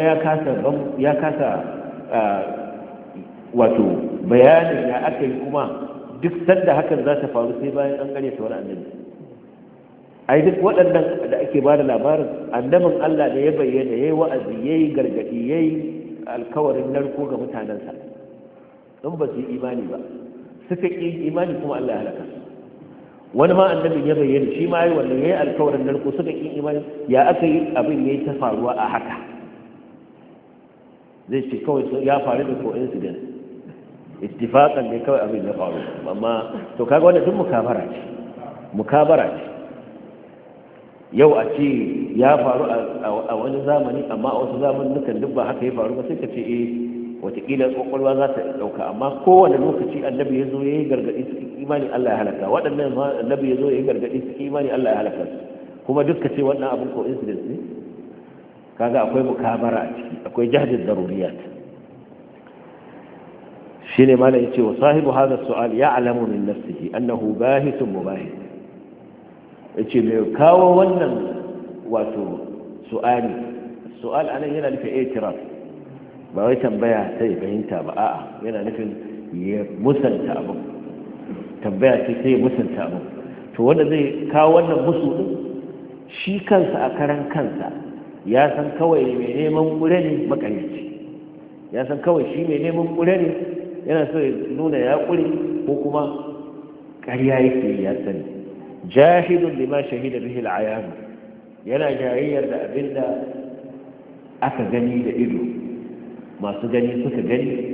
ya kasa wato bayanin ya aka yi kuma duk sanda hakan za ta faru sai bayan an gane ta wani annabi ai duk waɗannan da ake ba da labarin annabin Allah da ya bayyana ya yi wa'azi ya yayi gargadi yi alkawarin narko ga mutanensa don ba su yi imani ba suka ƙi imani kuma Allah ya halaka wani ma annabin ya bayyana shi ma yi wannan yi alkawarin narko suka ƙi imani ya aka yi abin ya yi ta faruwa a haka zai ce kawai ya faru da coincidence ittifaqan ne kawai abin ya faru amma to kaga wanda duk mukabara ce mukabara ce yau a ce ya faru a wani zamani amma a wasu zamanin duk ba haka ya faru ba sai ka ce eh watakila kwakwalwa za ta ɗauka amma kowane lokaci annabi ya zo ya yi gargaɗi su imani Allah ya halaka waɗannan annabi ya zo ya yi gargaɗi su imani Allah ya halaka su kuma duk ka ce wannan abin ko incident ne kaga akwai mukabara a ciki akwai jahdin daruriyat shine mala yace wa sahibu hadha su'al ya'lamu min nafsihi annahu bahithun mubahith yace me kawo wannan wato su'ali su'al anan yana nufin i'tiraf ba wai tambaya sai fahimta ba a'a yana nufin ya musanta abu tambaya ce sai ya musanta abu to wanda zai kawo wannan musu din shi kansa a karan kansa ya san kawai mai neman ƙure ne makaryaci ya san kawai shi mai neman ƙure ne yana so ya nuna ya ko kuma ƙarya yake ya sani jahidun lima shahida bihi al'ayan yana jayayyar da abin da aka gani da ido masu gani suka gani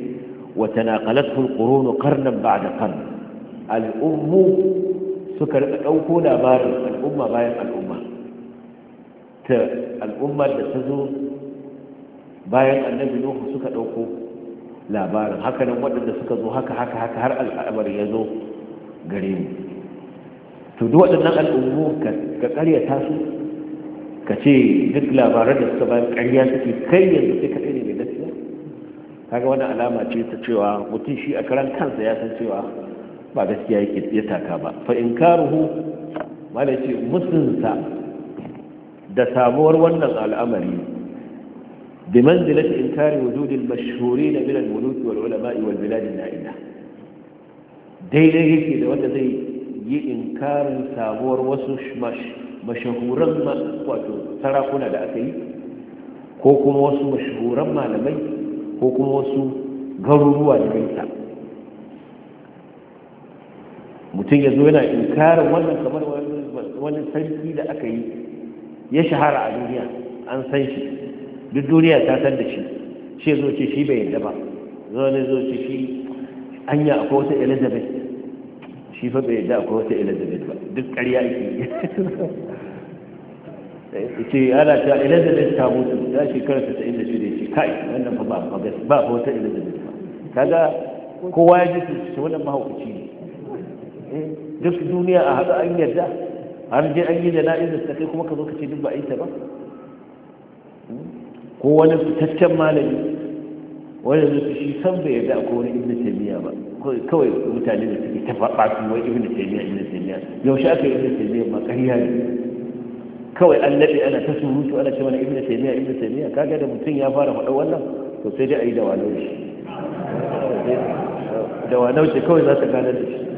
وتناقلته القرون قرنا بعد قرن الأم سكر أو كنا بار الأمة بايع الأمة ta al'ummar da ta zo bayan annabi nuhu suka ɗauko labarin hakanan waɗanda suka zo haka haka haka har al'amar ya zo gare mu to duk waɗannan al'ummu ka ƙaryata su ka ce duk labaran da suka bayan ƙarya suke kai yanzu sai ka ne mai gaskiya kaga wani alama ce ta cewa mutum shi a karan kansa ya san cewa ba gaskiya ya taka ba fa in karuhu mala ce musunsa da samuwar wannan al'amari bi manzilati inkari wujudil mashhurin min al-muluk wal ulama wal bilad al-na'ila daidai yake da wanda zai yi inkarin samuwar wasu mashahuran wato sarakuna da aka yi ko kuma wasu mashahuran malamai ko kuma wasu garuruwa da nisa mutum ya zo yana inkarin wannan kamar wani sarki da aka yi ya shahara a duniya an san shi duk duniya ta san da shi shi zo ce shi bai yadda ba zo ne zo ce shi anya akwai wata elizabeth shi fa bai yadda akwai wata elizabeth ba duk ƙarya yi ce ana ta elizabeth ta mutu ta shekara ta sa'in da shi ne ce kai wannan fa ba ba wata elizabeth ba kaga kowa ya ji su wannan mahaukaci ne eh, duk duniya a haɗa an yadda har je an yi jana'izar ta kai kuma ka zo ka ce duk ba aita yi ta ba ko wani fitaccen malami wani zai shi san bai yarda ko wani ibn taymiya ba kawai mutane da suke ta faɗa su wai ibn taymiya ibn taymiya yaushe aka yi ibn taymiya ma ƙarya ne kawai an daɗe ana ta surutu ana ce mana ibn taymiya ibn taymiya kaga da mutum ya fara faɗa wannan to sai dai a yi da walau shi da walau ce kawai za ta gane da shi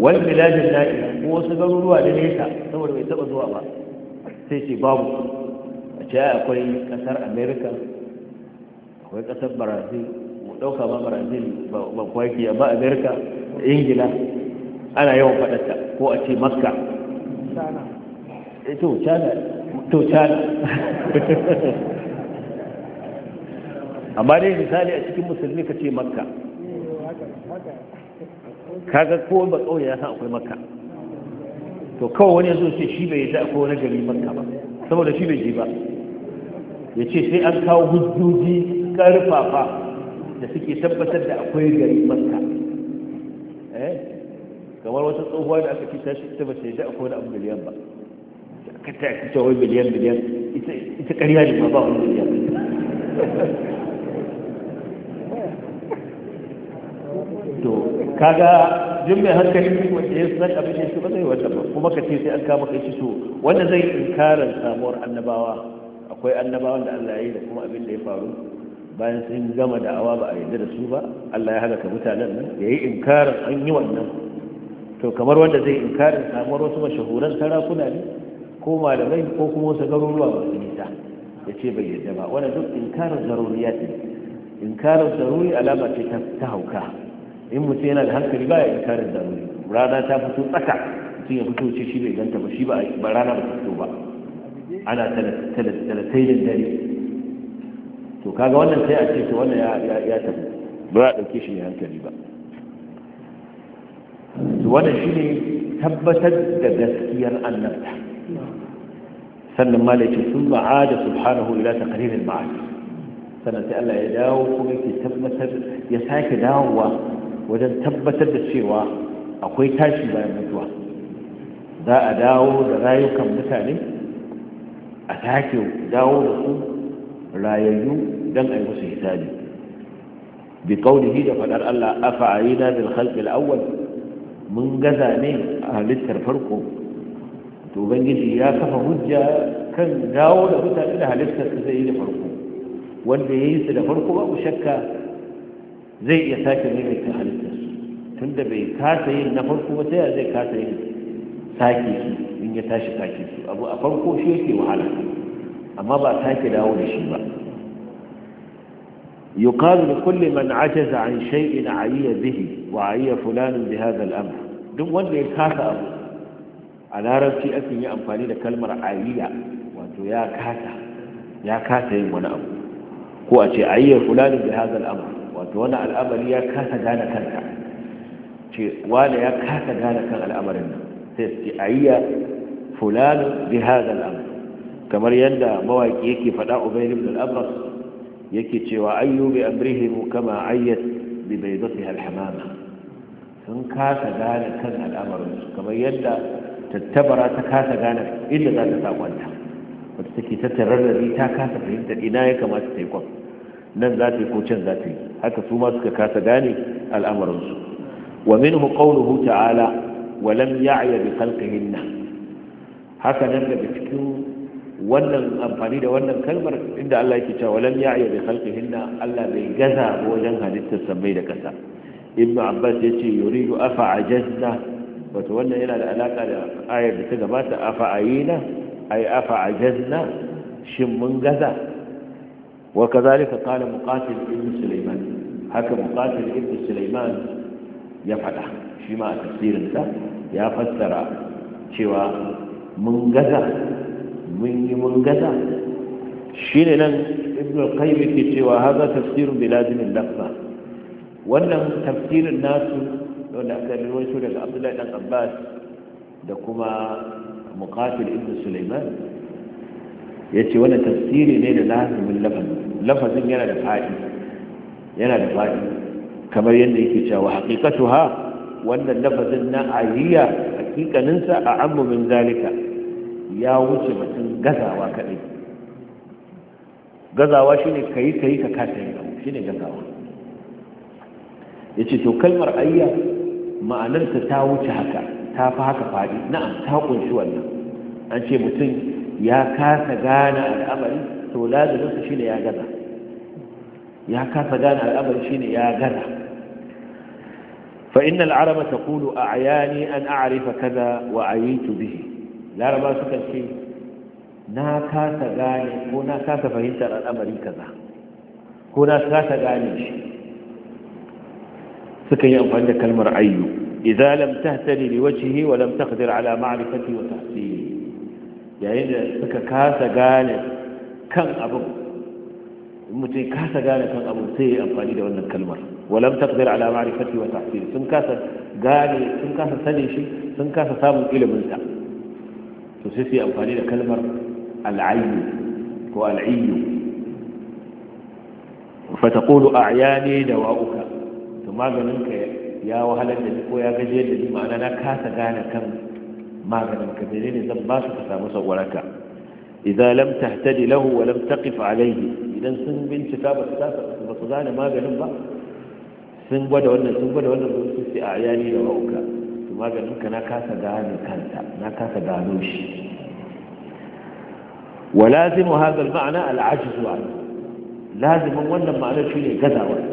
wani biladin na'i ko wasu garuruwa da nesa saboda bai taba zuwa ba sai ce babu a ce akwai kasar america akwai kasar brazil mu dauka ma brazil ba kwakiya ba america ingila ana yawan fadata ko a ce makka eh, to chana to chana amma dai misali a cikin musulmi ka ce makka eh, kaga ko ba kauye ya san akwai makka to kawai wani yazo ce shi bai ta akwai wani gari makka ba saboda shi bai je ba ya ce sai an kawo hujjoji karfafa da suke tabbatar da akwai gari makka eh kamar wata tsohuwa da aka ce ta shi ta bace da akwai wani abu miliyan ba ka ta ci wai miliyan miliyan ita ƙarya ne ba ba wani miliyan kaga duk mai hankali wanda ya san abin da shi ba zai wata ba kuma ka ce sai an kama kai shi so wanda zai inkarin samuwar annabawa akwai annabawan da Allah ya yi da kuma abin da ya faru bayan sun gama da'awa ba a yarda da su ba Allah ya halaka mutanen nan ya yi inkarin an yi wannan to kamar wanda zai inkarin samuwar wasu mashahuran sarakuna ne ko malamai ko kuma wasu garuruwa ba masu nisa ya ce bai yarda ba wanda duk inkarin zaruriya ne inkarin zaruri alama ce ta hauka in mutum yana da hankali ba ya yi da daruri rana ta fito tsaka mutum ya fito ce shi bai ganta ba shi ba rana ba ta fito ba ana talatainin dare to kaga wannan sai a ce to wannan ya tafi ba za a ɗauke shi mai hankali ba to wannan shi ne tabbatar da gaskiyar annabta sannan ma da ke sun ma'ada subhanahu ila taqririn ba'a sannan sai Allah ya dawo kuma ke tabbatar ya sake dawowa wajen tabbatar da cewa akwai tashi bayan mutuwa za a dawo da rayukan mutane a take dawo da su rayayyu don a yi musu hisabi bi kaulihi da faɗar Allah afa ayina bil khalqil awwal mun gaza ne a halittar farko to ya kafa hujja kan dawo da mutane da halittar su zai yi da farko wanda ya yi su da farko ku shakka zai iya sake maimaita halittar tun da bai kasa yin na farko wata ya zai kasa yin sake su in ya tashi sake su abu a farko shi yake wahala amma ba sake dawo da shi ba يقال لكل من عجز عن شيء عي به وعي فلان بهذا الأمر duk wanda ya kasa abu a larabci akan yi amfani da kalmar ayiya wato ya kasa ya kasa yin wani abu ko a ce ayyar fulani bi hadha al-amr to wani al'amari ya kasa gane kanka ce wani ya kasa gane kan al'amarin nan sai su ce ayya fulani bi hadha al'amr kamar yadda mawaki yake faɗa ubayr ibn al yake cewa ayyu bi amrihim kama ayyat bi baydatiha al-hamama sun kasa gane kan al'amarin kamar yadda tattabara ta kasa gane inda za ta kwanta wata take tattarar da ta kasa fahimtar ina ya kamata ta yi kwan nan za ta yi ko can za ta yi haka su masu ka kasa gane al'amuransu wa minhu qawluhu ta'ala wa lam ya'ya bi khalqihinna haka nan daga cikin wannan amfani da wannan kalmar inda Allah ya yake cewa wa lam ya'ya bi khalqihinna Allah bai gaza wajen halittar sammai da kasa ibn abbas ya yace yuridu afa ajazna wato wannan yana da alaƙa da ayar da ta gabata afa ayina ay afa ajazna shin mun gaza وكذلك قال مقاتل ابن سليمان هكا مقاتل ابن سليمان يفتح فيما تفسير انت يا فسر شوى منغزة من منغزة شيننا ابن القيم شوى هذا تفسير بلازم اللفظة وأنه تفسير الناس wanda aka rawaito daga abdullahi dan abbas da kuma muqatil ibn sulaiman yace wannan tafsiri ne da lazimin laban lafazin yana da faɗi yana da faɗi kamar yadda yake cewa haƙiƙatu ha wannan lafazin na ayiya haƙiƙaninsa a ammu min zalika ya wuce batun gazawa kaɗai gazawa shine kayi kayi ka kasa yi shine gazawa ce to kalmar ayya ma'anarta ta wuce haka ta fi haka faɗi na'am ta kunshi wannan an ce mutum ya kasa gane al'amari tolada nasa يا ya يا كاسا kafa gane al'amar shine ya gaza فإن العرب تقول أعياني أن أعرف كذا وعييت به لا ربا سكا شيء نا كاسا غاني كنا كاسا فهمت الأمر كذا كنا كاسا غاني شيء سكا يأف عندك المرعي إذا لم تهتني لوجهه ولم تقدر على معرفته وتحسيني يعني سكا كاسا غاني kan abin mutum kasa gane kan abin sai ya yi amfani da wannan kalmar walam taqdir ala ma'rifati wa tahsil sun kasa gane sun kasa sani shi sun kasa samun ilimin sa to sai su yi amfani da kalmar al'ayyu ko al'ayyu da wa'uka to maganin ka ya wahalar da ni ko ya gaje da ni ma'ana na kasa gane kan maganin ka maganinka ne zan ba su ka samu sauraka إذا لم تهتدي له ولم تقف عليه إ ذ ا سن بن كتاب الكتاب فصدانا ما قالوا بقى سن بدا ولا سن بدا ولا سن في أ ع ما قالوا كنا كاسا داني كانتا ما كاسا دانوش ولازم هذا المعنى العجز عنه لازم هو ان معنى شنو كذا ولا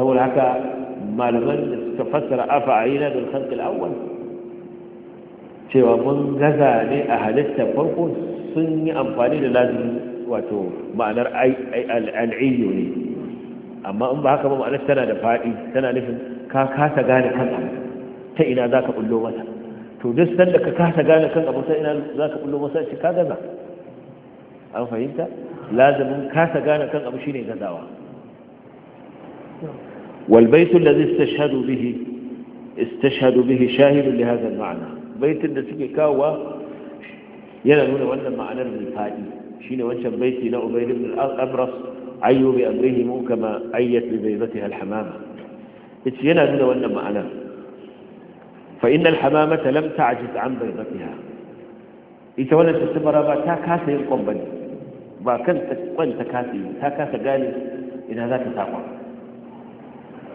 هو هكا ما تفسر افعينا بالخلق الأول cewa mun gaza ne a halitta farko sun yi amfani da lazimi wato ma'anar al'ayyo ne amma in ba haka ba ma'anar tana da faɗi tana nufin ka kasa gane kan abu ta ina za ka ɓullo mata to duk sanda ka kasa gane kan abu ta ina za ka ɓullo mata shi ka gaza an fahimta lazimin kasa gane kan abu shine gazawa والبيت الذي استشهدوا به استشهدوا به شاهد لهذا المعنى baitin da suke kawowa yana nuna wannan ma'anar mai faɗi shine wancan baiti na ubayd ibn al-abras ayyu bi amrihim kama ayyat bi baydatiha al-hamama yace yana nuna wannan ma'anar fa inna al-hamamata lam ta'jiz an baydatiha ita wannan tasbara ba ta kasa yin kwamban ba kan kwanta kasa ta kasa gane ina za ta saba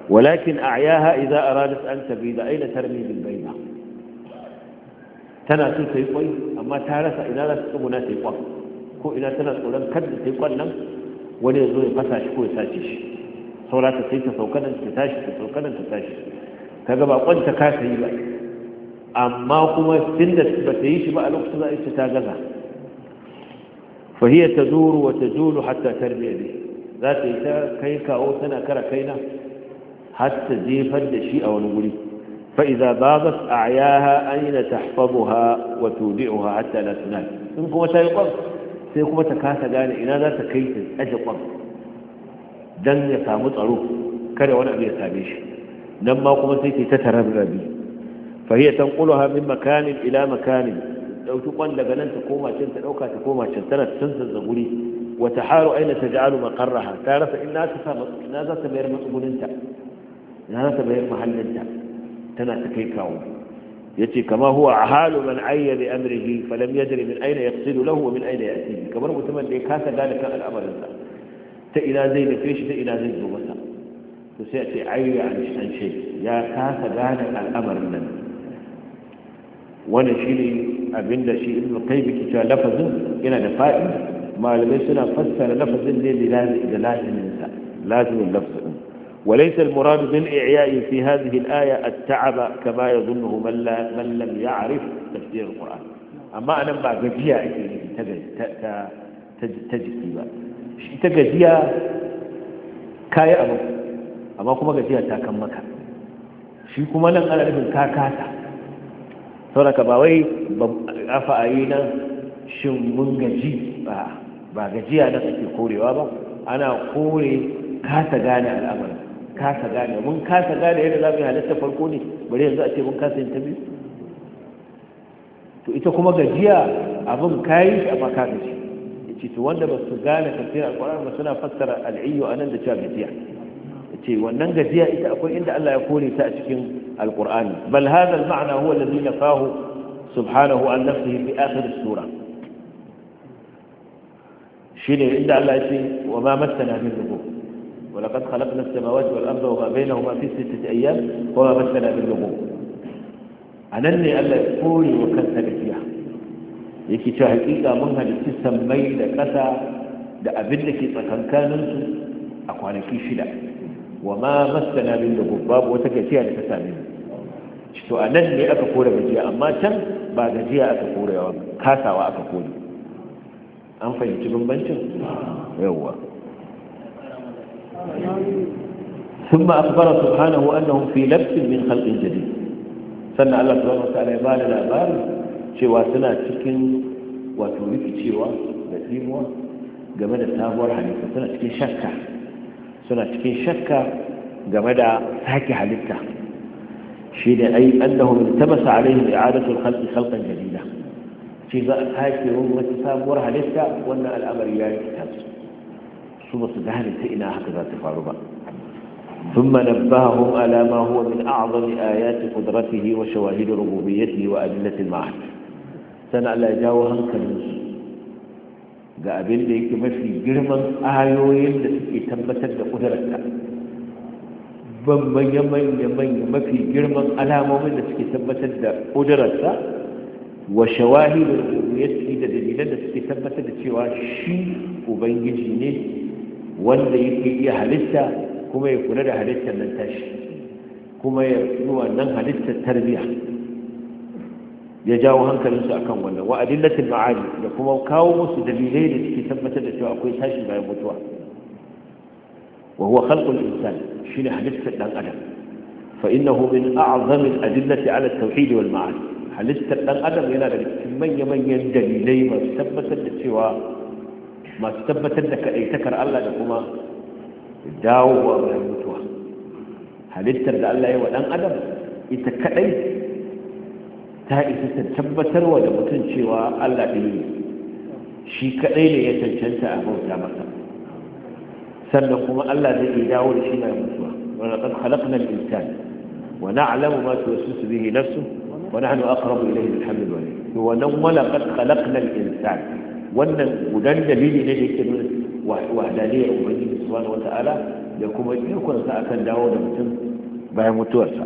ولكن أعياها إذا أرادت أن تبيد أين ترمي بالبيضة tana so ta yi kwai amma ta rasa ina za su tsuguna ta yi kwan ko ina tana tsoron kada ta yi kwan nan wani ya zo ya fasa shi ko ya sace shi saura ta sai ta sauka nan ta tashi ta sauka nan ta tashi ta gaba kwan ta kasa yi ba amma kuma tun da ba ta yi shi ba a lokacin za a yi ta gaza fahiyar ta zuru wa ta zuru hatta ta ne za ta yi ta kai kawo tana kara kaina har ta jefar da shi a wani guri فإذا ضاغت أعياها أين تحفظها وتودعها حتى لا تنام إن كما تيقظ سيكما تكاسا قال إنا لا تكيت أجقظ دن يسامت أروف كان وانا أبي يساميش لما قمت سيتي تترم أبي فهي تنقلها من مكان إلى مكان لو تقول لبنان تقوم عشان تلوكا تقوم عشان تنت تنسى الزبولي وتحار أين تجعل مقرها تعرف إنها تسامت إنها تسامت مقبول انت إنها تسامت محل انت tana ta kai kawo Ya ce kama huwa ahalu man ayya bi amrihi falam yadri min ayna yaqsidu lahu wa min aina ya ya'tihi kamar mutumin da ya kasa gane kan al'amarin sa ta ina zai nufe shi ta ina zai zo masa to sai a ce ayya an an ce ya kasa gane al'amarin nan wannan shine abinda shi ibn qayyim ke cewa lafazin yana da fa'i malamai suna fassara lafazin ne da lazimin sa lazimin lafazin وليس المراد بالإعياء في هذه الآية التعب كما يظنه من, لا من لم يعرف تفسير القرآن أما أنا ما قجيا تجسي بقى ita gajiya kayi abu amma kuma gajiya ta kan maka shi kuma nan ana nufin ka kasa sauraka ba wai afa a yi nan shin mun gaji ba gajiya na ake korewa ba ana kore kasa gane al'amarin kasa gane mun kasa gane yadda za mu yi halitta farko ne bari yanzu a ce mun kasa yin ta biyu to ita kuma gajiya abin kayi shi amma ka gaji ce to wanda ba su gane tafsir alquran ba suna fassara al'iyyo a nan da cewa gajiya ce wannan gajiya ita akwai inda Allah ya kore ta a cikin alqur'ani bal hadha al-ma'na huwa alladhi nafahu subhanahu an nafsihi fi akhir as-sura shine inda Allah ya ce wa ma massana min dhurur ولقد خلقنا السماوات والأرض وما بينهما في ستة أيام وما مسنا من أنني ألا يقولي وكنت فيها yake cewa hakika mun halitti sammai da ƙasa da abin da ke tsakankaninsu a kwanaki shida wa ma masana min da babu wata gajiya da ta sami mu to a nan ne aka kore gajiya amma can ba gajiya aka kasawa aka an fahimci bambancin yawwa ثم أخبر سبحانه أنهم في لبس من خلق جديد سنة الله سبحانه وتعالى يبال الأبار شوى سنة تكن وتوريك شوى بسيموى game da sabuwar halitta suna cikin shakka suna cikin shakka game da sake halitta shi da ai annahum tabasa alaihim i'adatu al-khalqi khalqan jadida shi za a sake wata sabuwar halitta wannan al'amari ya rikita su ثم سبحان الذين هكذا تفاربا ثم نبههم على ما هو من اعظم ايات قدرته وشواهد ربوبيته وادله المعهد سنع لا جاوها كنوس جاء بلديك ما في جرما ايوين التي تمت قدرتك بمن يمن يمن ما في جرما على ما هو التي تمت قدرتك وشواهد ربوبيته دليل التي تمت شي وبين جنيه wanda yake iya halitta kuma ya kula da halittar nan tashi kuma ya zuwa nan halittar tarbiya ya jawo hankalinsu a kan wannan wa'adin latin ma'ali da kuma kawo musu dalilai da suke tabbatar da cewa akwai tashi bayan mutuwa wa huwa khalqul insan shine halittar dan adam fa innahu min a'zam al-adillati ala at-tauhid wal ma'ad halittar dan adam yana daga cikin manyan dalilai masu tabbatar da cewa masu tabbatar da kaɗaitakar Allah da kuma dawowa bayan mutuwa halittar da Allah ya wa ɗan adam ita kaɗai ta isa ta tabbatarwa da mutum cewa Allah ɗin ne shi kaɗai ne ya cancanta a bauta masa sannan kuma Allah zai iya dawo da shi mai mutuwa wani kan halaknar insan wa na'lamu ma tuwassu bihi nafsu wa nahnu aqrabu ilayhi min hablil warid wa nan wani qad khalaqna al-insana wannan gudan dalili ne da yake nuna wahadaniyar ubangiji subhanahu wata'ala da kuma ikonsa akan dawo da mutum bayan mutuwarsa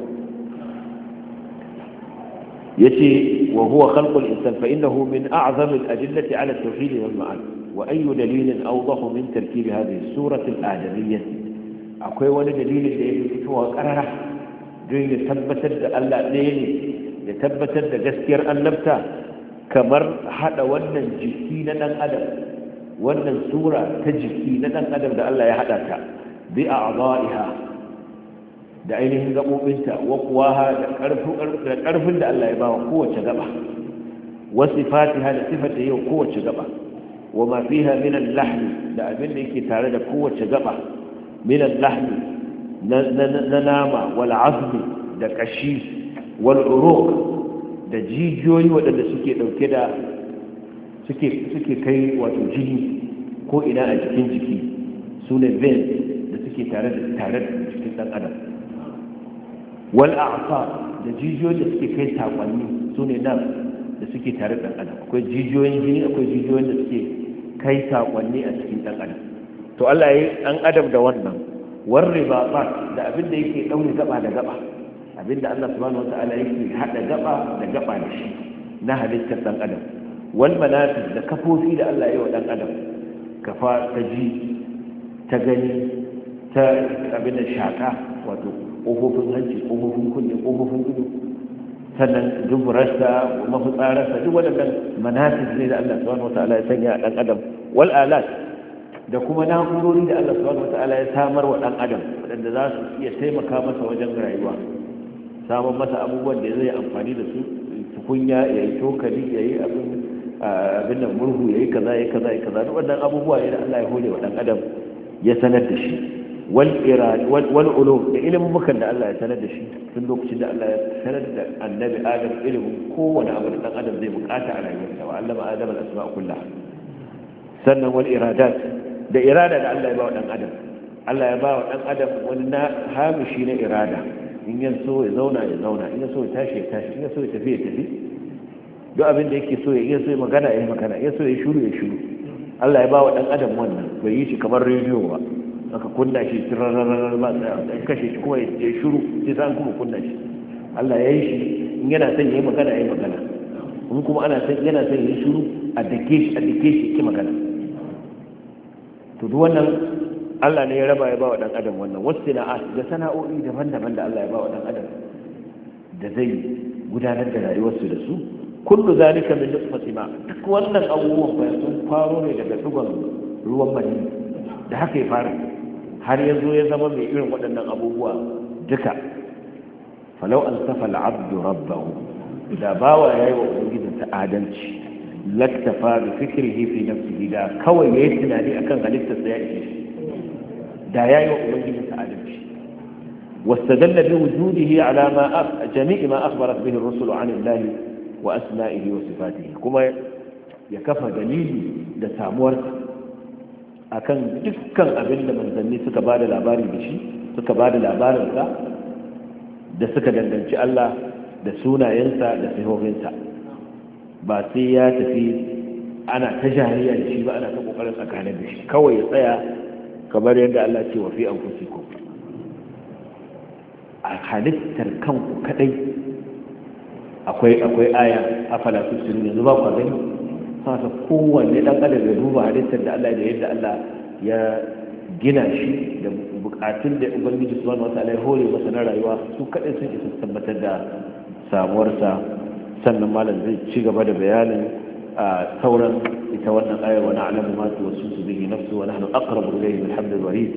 yace wa huwa khalqul insan fa innahu min a'zami al-adillati ala at-tauhid wal ma'an wa ayyu dalilin awdahu min tarkib hadhihi surati al-adamiyyah akwai wani dalilin da yake fitowa karara don ya tabbatar da Allah ɗaya ne ya tabbatar da gaskiyar annabta kamar hada wannan jiki na dan adam wannan sura ta jiki na dan adam da Allah ya hada ta bi a'dha'iha da ainihin gabobinta wa quwaha da karfin da karfin da Allah ya bawa kowace gaba wa sifatiha da sifata yau kowace gaba wa ma fiha min al-lahm da abin da yake tare da kowace gaba min al-lahm na nama wal azmi da kashi wal uruq da jijiyoyi waɗanda suke ɗauke da suke kai wato jini ko ina a cikin jiki su ne veins da suke tare da tare da cikin ɗan adam wal a'sa da jijiyoyi da suke kai sakonni su ne nan da suke tare da ɗan adam akwai jijiyoyin jini akwai jijiyoyin da suke kai sakonni a cikin ɗan adam to Allah ya yi ɗan adam da wannan warri ba da abin da yake ɗaure gaba da gaba abinda Allah subhanahu wata'ala yake hada gaba da gaba da shi na halittar dan adam wal manafi da kafofi da Allah ya yi wa dan adam kafa ta ji ta gani ta abin da shaka wato kofofin hanci kofofin kunne kofofin gudu sannan duburarsa mafitsararsa duk waɗannan manasif ne da Allah subhanahu wata'ala ya sanya dan adam wal alat da kuma na'urori da Allah subhanahu wata'ala ya samar wa dan adam waɗanda za su iya taimaka masa wajen rayuwa samun masa abubuwan da zai amfani da su tukunya ya yi tokali ya yi abin da murhu ya yi kaza ya kaza ya kaza duk wannan abubuwa ne da Allah ya hore wa dan adam ya sanar da shi wal irad wal ulum da ilimin mukan da Allah ya sanar da shi tun lokacin da Allah ya sanar da annabi adam ilimin kowane abu da dan adam zai bukata a rayuwarsa wa allama adam al asma kullaha sannan wal iradat da irada da Allah ya ba wa dan adam Allah ya ba wa dan adam wani na hamishi na irada in yan so ya zauna ya zauna in ya so ya tashi ya tashi in so ya tafi ya tafi duk abin da yake so ya iya so ya magana ya magana ya so ya shuru ya shuru Allah ya ba wa ɗan adam wannan bai yi shi kamar rediyo ba aka kunna shi tirarararar ba sai kashe shi kuma ya shuru sai san kuma kunna shi Allah ya yi shi in yana son ya yi magana ya yi magana in kuma ana son yana son ya yi shuru a dake shi a dake shi ki magana to duk wannan Allah ne ya raba ya ba wa ɗan adam wannan wasu sana'at da sana'o'i daban-daban da Allah ya ba wa ɗan adam da zai gudanar da rayuwarsu da su kullu zalika min nutfati ma duk wannan abubuwan ba sun faro ne daga dugon ruwan mani da haka ya fara har yanzu ya zama mai irin waɗannan abubuwa duka falau an safa al'abdu rabbahu da bawa yayi wa ubangijinsa adalci laktafa bi fikrihi fi nafsihi da kawai yayi tunani akan halittarsa ya ishe da ya yi wa ubangiji ta adalci واستدل بوجوده على ما alama جميع ما اخبرت به الرسل عن الله واسمائه وصفاته كما يكفى دليل ده ساموار akan dukkan abin da manzanni suka bada labari da shi suka bada labarin sa da suka danganci Allah da sunayensa da sihohinsa ba sai ya tafi ana ta jahiliya da ba ana ta kokarin tsakanin da kawai ya tsaya kamar yadda Allah ce wa fi ku a halittar kanku kadai akwai akwai aya a tusirun yanzu ba ku gani saboda kowanne dan adam ya duba halittar da Allah da yadda Allah ya gina shi da bukatun da ubangiji subhanahu wataala ya hore masa na rayuwa su kadai sun isa tabbatar da samuwarsa sannan malam zai ci gaba da bayanin ثورة يتولى الآية ونعلم ما توسوس به نفسه ونحن أقرب إليه من حبل الوريد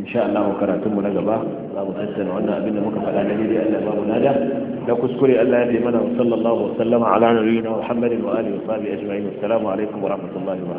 إن شاء الله كراتم لقبا لا حسن وأنا أبينا مكفى لا نجد إلا ما نادى لا كسكري ألا يدي منه صلى الله وسلم على نبينا محمد وآله وصحبه أجمعين والسلام عليكم ورحمة الله وبركاته